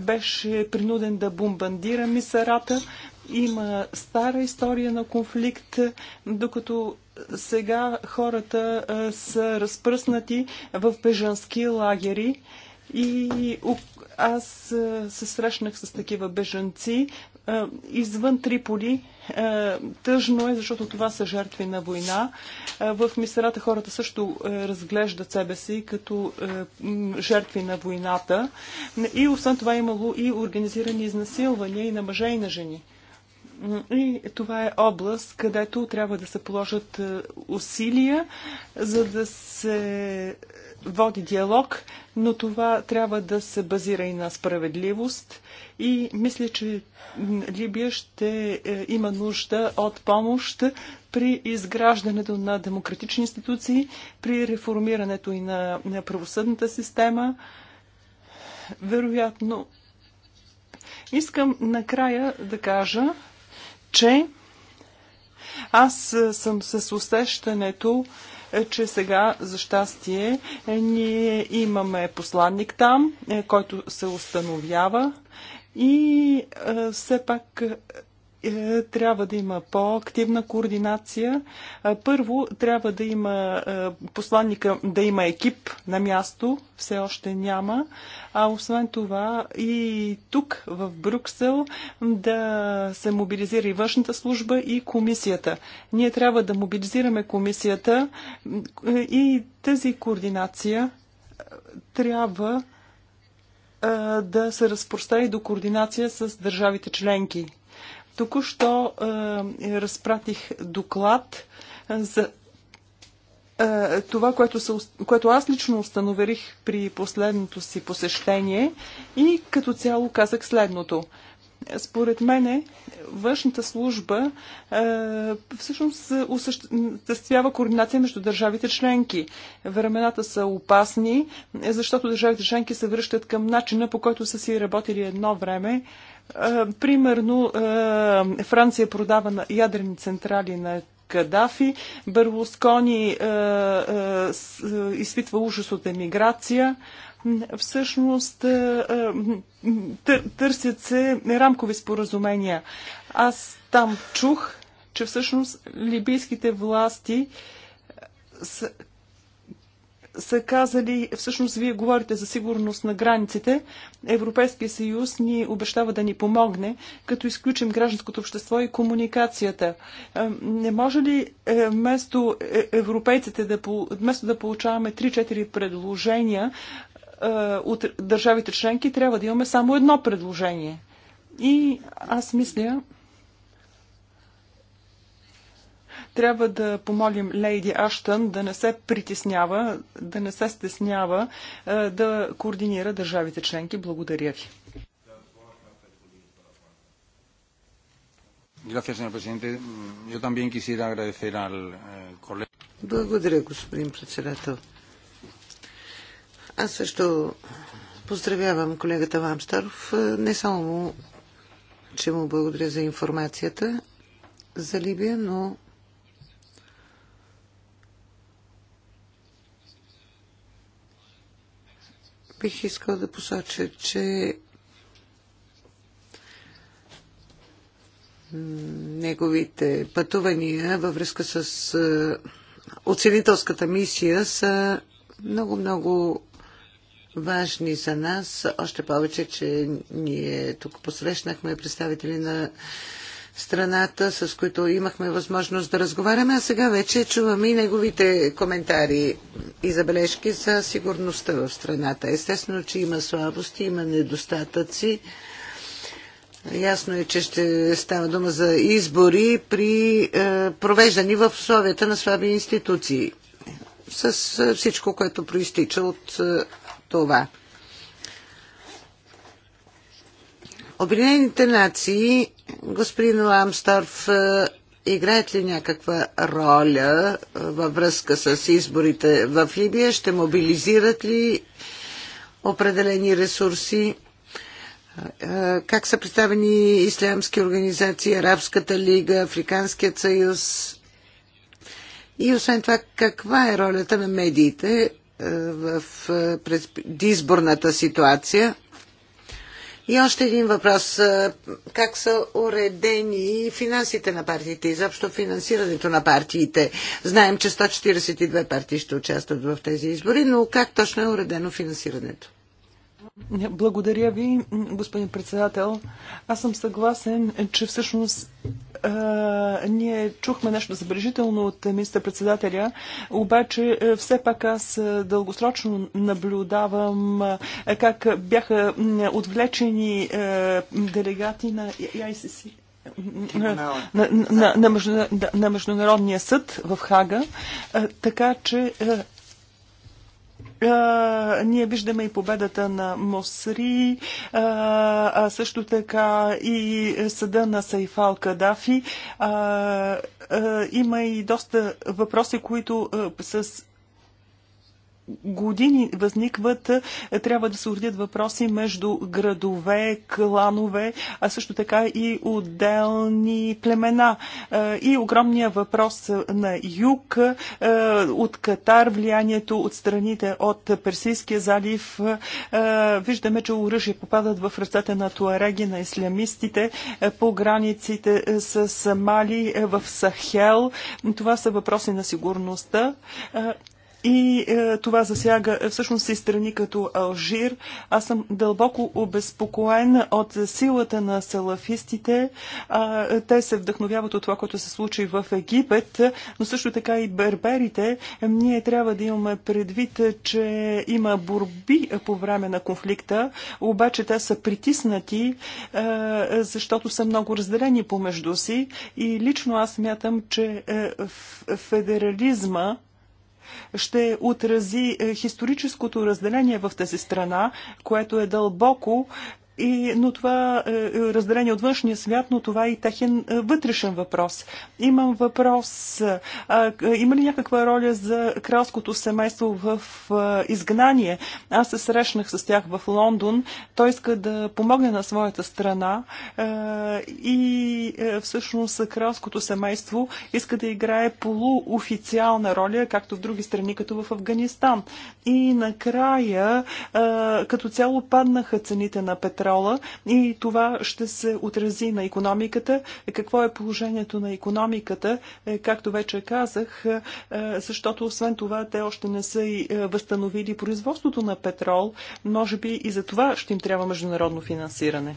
S3: беше принуден да бомбандира Мизерата. Има стара история на конфликт, докато сега хората е, са разпръснати в бежански лагери. И аз се срещнах с такива бежанци извън Триполи. Тъжно е, защото това са жертви на война. В мисерата хората също разглеждат себе си като жертви на войната. И освен това е имало и организирани изнасилвания и на мъже и на жени. И това е област, където трябва да се положат усилия, за да се води диалог, но това трябва да се базира и на справедливост. И мисля, че Либия ще е, има нужда от помощ при изграждането на демократични институции, при реформирането и на, правосъдната система. Вероятно, искам накрая да кажа, че аз съм с усещането, е, че сега, за щастие, е, ние имаме посланник там, е, който се установява и все пак е, трябва да има по-активна координация. Е, първо, трябва да има е, посланника, да има екип на място, все още няма. А освен това и тук, в Брюксел, да се мобилизира и външната служба и комисията. Ние трябва да мобилизираме комисията и тази координация трябва да се разпростави до координация с държавите членки. Току-що е, разпратих доклад е, за е, това, което, са, което аз лично установих при последното си посещение и като цяло казах следното. Според мене, външната служба е, всъщност осъществява координация между държавите членки. Времената са опасни, защото държавите членки се връщат към начина, по който са си работили едно време. Е, Примерно Франция продава на ядрени централи на Кадафи, Берлускони изпитва ужас от емиграция. Всъщност търсят се рамкови споразумения. Аз там чух, че всъщност либийските власти са са казали, всъщност вие говорите за сигурност на границите, Европейския съюз ни обещава да ни помогне, като изключим гражданското общество и комуникацията. Е, не може ли е, вместо е, европейците да, вместо да получаваме 3-4 предложения от държавите членки, трябва да имаме само едно предложение? И аз мисля, Трябва да помолим Лейди Аштън да не се притеснява, да не се стеснява, е, да координира държавите членки. Благодаря ви.
S1: Eh, благодаря, господин председател. Аз също поздравявам колегата Вамстаров. Е, не само че му благодаря за информацията за Либия, но бих искал да посоча, че неговите пътувания във връзка с оценителската мисия са много-много важни за нас. Още повече, че ние тук посрещнахме представители на страната, с които имахме възможност да разговаряме, а сега вече чуваме и неговите коментари и забележки за сигурността в страната. Естествено, че има слабости, има недостатъци. Ясно е, че ще става дума за избори при е, провеждани в условията на слаби институции. С е, всичко, което проистича от е, това. Обединените нации, господин Ламсторф, е, играят ли някаква роля е, във връзка с изборите в Либия? Ще мобилизират ли определени ресурси? Е, как са представени ислямски организации, Арабската лига, Африканският съюз? И освен това, каква е ролята на медиите в предизборната ситуация? И още един въпрос. Как са уредени финансите на партиите, заобщо финансирането на партиите? Знаем, че 142 партии ще участват в тези избори, но как точно е
S3: уредено финансирането? Благодаря ви, господин председател. Аз съм съгласен, че всъщност а, ние чухме нещо забележително от министър-председателя, обаче все пак аз дългосрочно наблюдавам как бяха отвлечени а, делегати на ICC. На, на, на, на, Международния съд в Хага. Така че ние виждаме и победата на Мосри, а също така и съда на Сайфал Кадафи. Има и доста въпроси, които с години възникват, е, трябва да се уредят въпроси между градове, кланове, а също така и отделни племена. Е, и огромния въпрос на юг, е, от Катар, влиянието от страните от Персийския залив. Виждаме, че оръжие попадат в ръцете на туареги, на ислямистите, по границите с Мали, в Сахел. Това са въпроси на сигурността. И е, това засяга е, всъщност и страни като Алжир. Аз съм дълбоко обезпокоен от силата на салафистите. А, е, те се вдъхновяват от това, което се случи в Египет, но също така и берберите. Ние трябва да имаме предвид, че има борби е, по време на конфликта, обаче те са притиснати, е, защото са много разделени помежду си. И лично аз мятам, че е, федерализма ще отрази е, историческото разделение в тази страна, което е дълбоко и, но това е, е разделение от външния свят, но това е и техен е, вътрешен въпрос. Имам въпрос. Е, а, има ли някаква роля за кралското семейство в а, изгнание? Аз се срещнах с тях в Лондон. Той иска да помогне на своята страна а, и а, всъщност кралското семейство иска да играе полуофициална роля, както в други страни, като в Афганистан. И накрая, а, като цяло паднаха цените на Петра контрола и това ще се отрази на економиката. Какво е положението на економиката, е, както вече казах, е, защото освен това те още не са и е, възстановили производството на петрол. Може би и за това ще им трябва международно финансиране.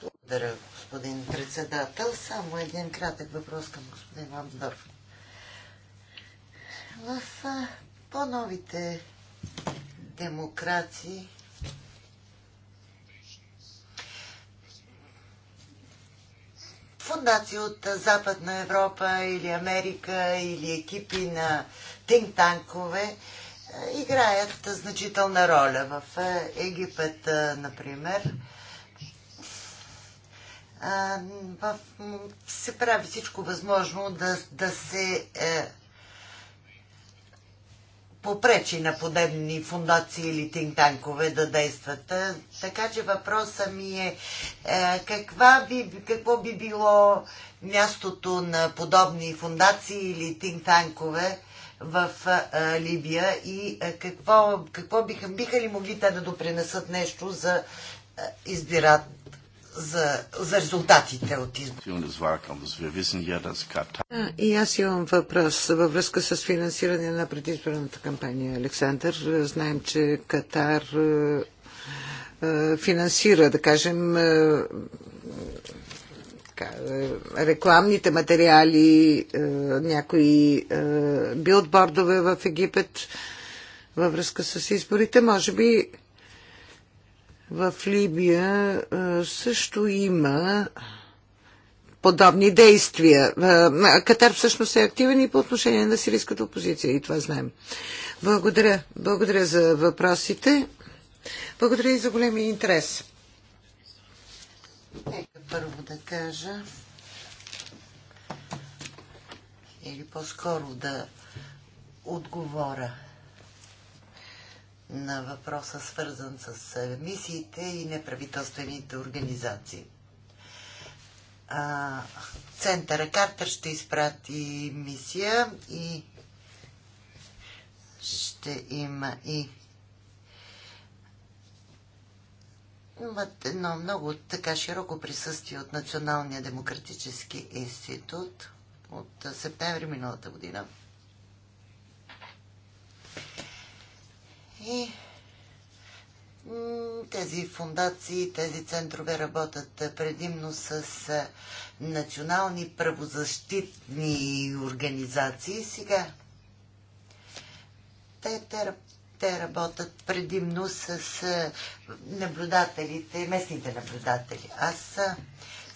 S2: Благодаря, господин председател. Само един кратък въпрос към господин Андорф. В по-новите демокрации фундации от Западна Европа или Америка или екипи на тинг-танкове е, играят значителна роля. В е, Египет, е, например, в, се прави всичко възможно да, да се е, попречи на подобни фундации или тинтанкове да действат. Така че въпросът ми е, е, каква би, какво би било мястото на подобни фундации или тинтанкове в Либия и какво, какво биха, биха ли могли те да допринесат нещо за избират, за, за резултатите от изборите. И
S1: аз имам въпрос във връзка с финансиране на предизборната кампания. Александър, знаем, че Катар финансира, да кажем, рекламните материали, някои билдбордове в Египет във връзка с изборите. Може би в Либия също има подобни действия. Катар всъщност е активен и по отношение на сирийската опозиция и това знаем. Благодаря. Благодаря за въпросите. Благодаря и за големия интерес.
S2: Нека първо да кажа или по-скоро да отговоря на въпроса, свързан с мисиите и неправителствените организации. А, центъра Картер ще изпрати мисия и ще има и имат едно много така широко присъствие от Националния демократически институт от септември миналата година. И тези фундации, тези центрове работят предимно с национални правозащитни организации. Сега те, те, те работят предимно с наблюдателите, местните наблюдатели. Аз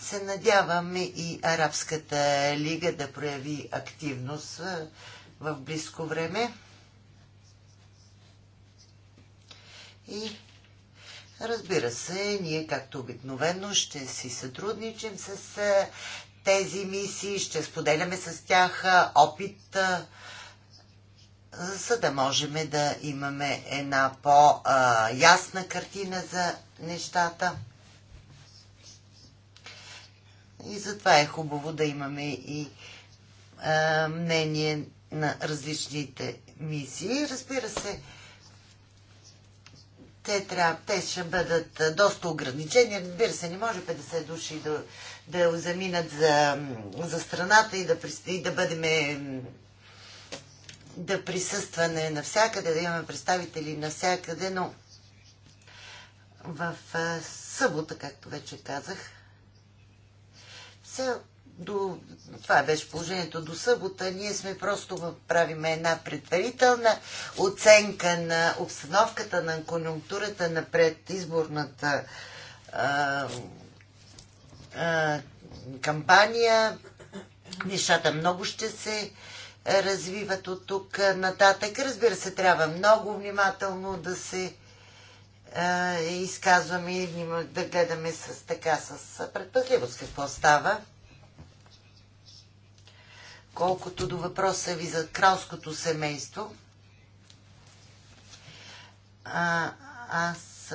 S2: се надявам и Арабската лига да прояви активност в близко време. И разбира се, ние както обикновено ще си сътрудничим с тези мисии, ще споделяме с тях опит, за да можем да имаме една по-ясна картина за нещата. И затова е хубаво да имаме и мнение на различните мисии. Разбира се, те, трябва, те ще бъдат доста ограничени. Разбира се, не може 50 души да, да заминат за, за страната и да, и да бъдем да присъстване навсякъде, да имаме представители навсякъде, но в събота, както вече казах, все до, това беше положението до събота, ние сме просто правиме една предварителна оценка на обстановката, на конъюнктурата на предизборната а, а, кампания. Нещата много ще се развиват от тук нататък. Разбира се, трябва много внимателно да се изказваме и да гледаме с така, с предпазливост какво става. Колкото до въпроса ви за кралското семейство, а, аз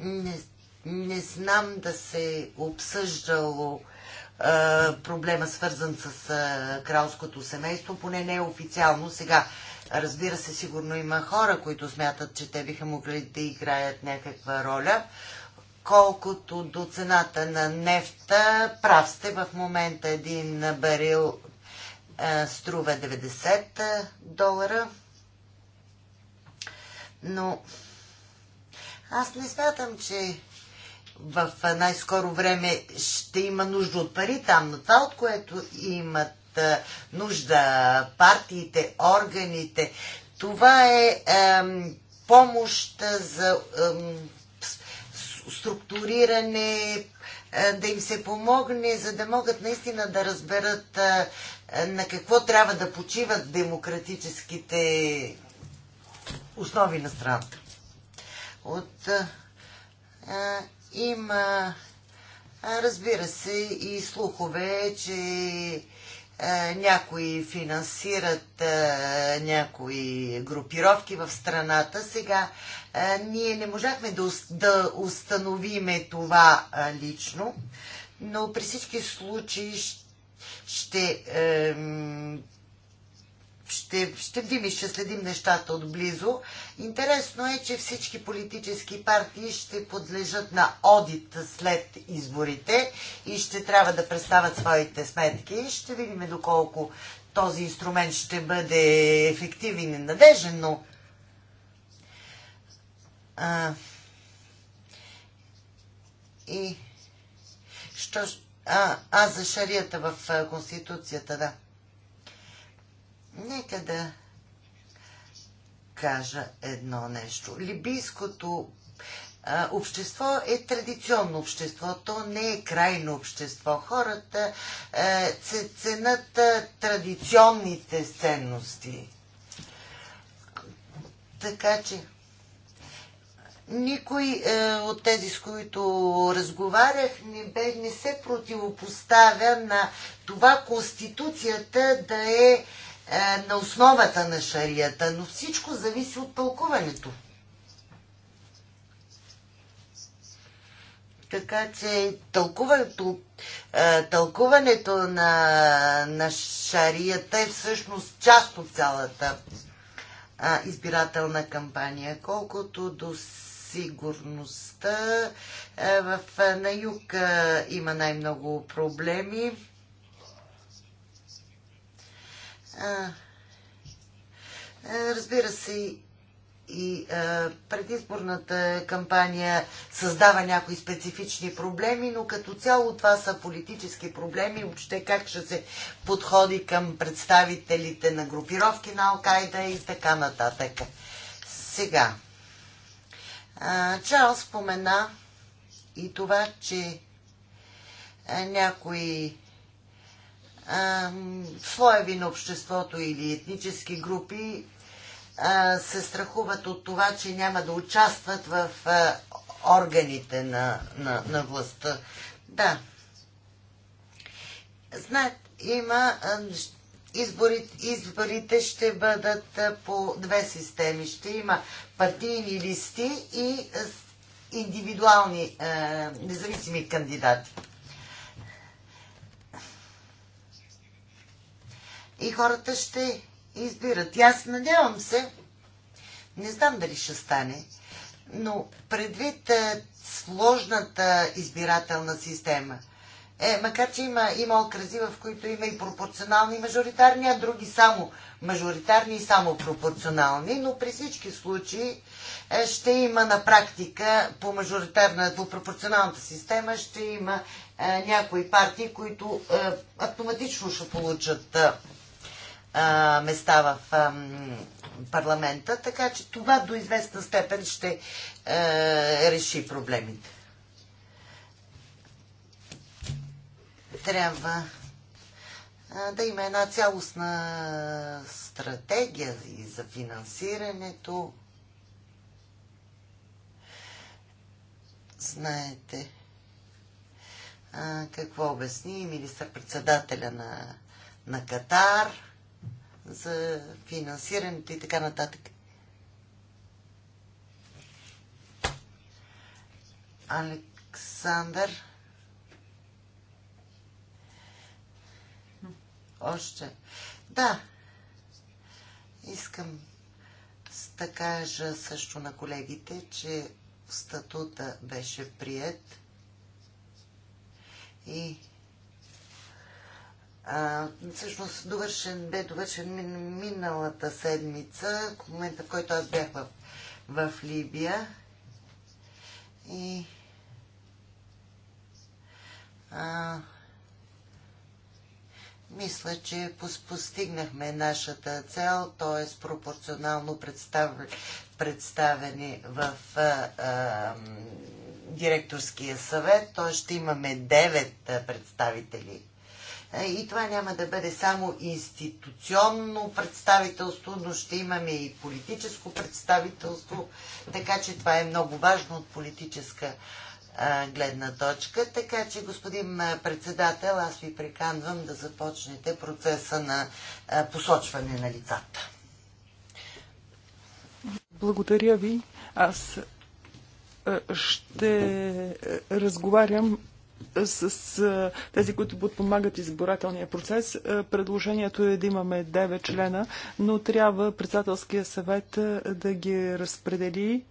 S2: не, не знам да се обсъждало а, проблема свързан с а, кралското семейство, поне не е официално сега. Разбира се, сигурно има хора, които смятат, че те биха могли да играят някаква роля, Колкото до цената на нефта, прав сте, в момента един барил е, струва 90 е, долара. Но аз не смятам, че в най-скоро време ще има нужда от пари там, но това, от което имат е, нужда партиите, органите, това е, помощ за структуриране, е, да им се помогне, за да могат наистина да разберат е, е, на какво трябва да почиват демократическите основи на страната. От, а, има, разбира се, и слухове, че е, някои финансират е, някои групировки в страната. Сега е, ние не можахме да, установиме това лично, но при всички случаи ще ще, ще видим и ще следим нещата отблизо. Интересно е, че всички политически партии ще подлежат на одит след изборите и ще трябва да представят своите сметки. Ще видим доколко този инструмент ще бъде ефективен и надежен, но а, и що, а, а за шарията в Конституцията, да. Нека да кажа едно нещо. Либийското а, общество е традиционно общество, то не е крайно общество. Хората а, ценят а, традиционните ценности. Така че никой е, от тези, с които разговарях, не, бе, не се противопоставя на това Конституцията да е е, на основата на шарията, но всичко зависи от тълкуването. Така че тълкуването, е, тълкуването на, на шарията е всъщност част от цялата избирателна кампания. Колкото до сигурността, е, в, на юг има най-много проблеми. А, разбира се, и а, предизборната кампания създава някои специфични проблеми, но като цяло това са политически проблеми, въобще как ще се подходи към представителите на групировки на Алкайда и така нататък. Сега, а, Чарлз спомена и това, че някои слоеви на обществото или етнически групи се страхуват от това, че няма да участват в органите на, на, на властта. Да. Знаят, има изборите, изборите ще бъдат по две системи. Ще има партийни листи и индивидуални независими кандидати. и хората ще избират. И аз надявам се, не знам дали ще стане, но предвид е, сложната избирателна система, е, макар че има, има окрази, в които има и пропорционални и мажоритарни, а други само мажоритарни и само пропорционални, но при всички случаи е, ще има на практика по мажоритарна, по пропорционалната система ще има е, някои партии, които е, автоматично ще получат е, а, места в а, парламента, така че това до известна степен ще а, е, реши проблемите. Трябва да има една цялостна стратегия и за финансирането. Знаете какво обясни министър-председателя на, на Катар за финансирането и така нататък. Александър. Още. Да. Искам да кажа също на колегите, че статута беше прият и всъщност довършен, бе довършен мин, миналата седмица, в момента в който аз бях в, в Либия. И а, мисля, че постигнахме нашата цел, т.е. пропорционално представ... представени в а, а, директорския съвет, т.е. ще имаме 9 представители е, и това няма да бъде само институционно представителство, но ще имаме и политическо представителство, така че това е много важно от политическа гледна точка. Така че, господин председател, аз ви приканвам да започнете процеса на посочване на лицата.
S3: Благодаря ви. Аз ще разговарям с тези, които подпомагат избирателния процес. Предложението е да имаме 9 члена, но трябва председателския съвет да ги разпредели.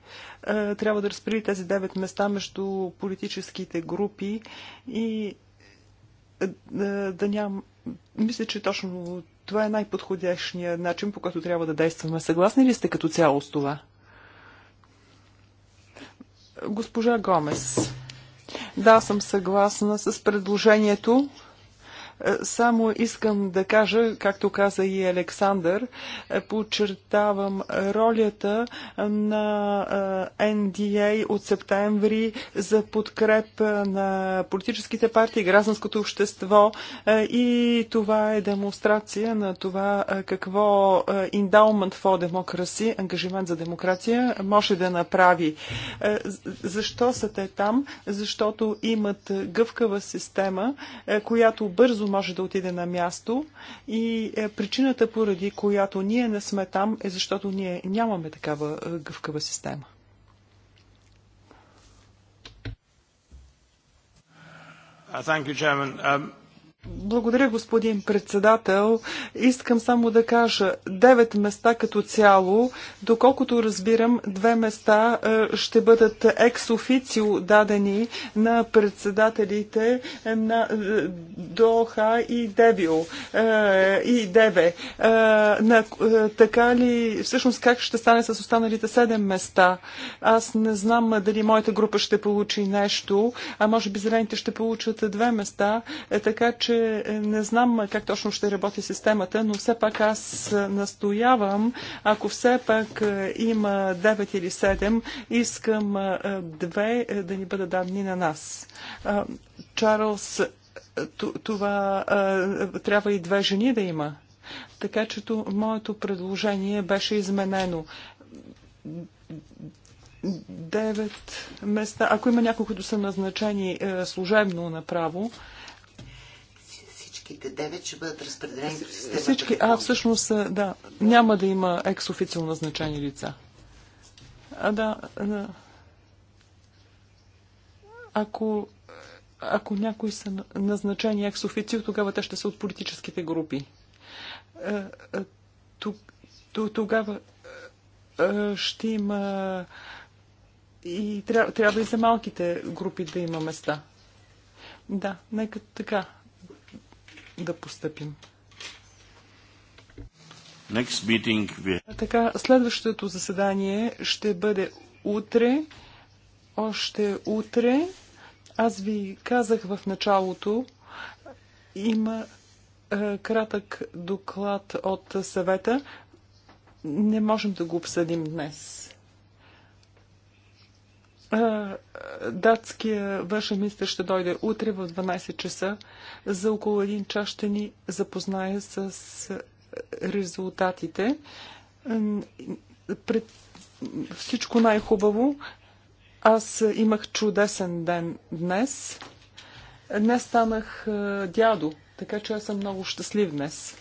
S3: Трябва да разпредели тези 9 места между политическите групи и да ням... Мисля, че точно това е най-подходящия начин, по който трябва да действаме. Съгласни ли сте като цяло с това? Госпожа Гомес. Да, съм съгласна с предложението. Е, само искам да кажа, както каза и Александър, е, подчертавам ролята на NDA е, от септември за подкрепа на политическите партии, гражданското общество и това е демонстрация на това какво Endowment for Democracy, ангажимент за демокрация, може да направи. Защо са те там? Защото имат гъвкава система, която бързо бързо може да отиде на място и е, причината поради която ние не сме там е защото ние нямаме такава е, гъвкава система.
S1: Uh, thank you, Chairman. Um...
S3: Благодаря, господин председател. Искам само да кажа, девет места като цяло, доколкото разбирам, две места е, ще бъдат екс-официо дадени на председателите е, на е, Доха и Девил и Деве. На, така ли, всъщност как ще стане с останалите седем места? Аз не знам дали моята група ще получи нещо, а може би зелените ще получат две места, така че че е, не знам как точно ще работи системата, но все пак аз е, настоявам, ако все пак е, има 9 или 7, искам 2 да ни бъдат давни на нас. Чарлз, това трябва и две жени да има. Така че моето предложение беше изменено. 9 места, ако има някои, които са назначени е, служебно направо,
S2: всичките девет ще бъдат разпределени в системата. Всички,
S3: а всъщност, е, да, няма да има екс-официално назначени лица. А да, да. Ако, ако някои са назначени екс-официо, тогава те ще са от политическите групи. Е, е, тогава ще има и трябва, трябва и за малките групи да има места. Да, нека така да постъпим.
S1: Next meeting we...
S3: Така, следващото заседание ще бъде утре, още утре. Аз ви казах в началото, има е, кратък доклад от съвета. Не можем да го обсъдим днес. Датския външен министр ще дойде утре в 12 часа. За около един час ще ни запознае с резултатите. Пред всичко най-хубаво. Аз имах чудесен ден днес. Днес станах дядо, така че аз съм много щастлив днес.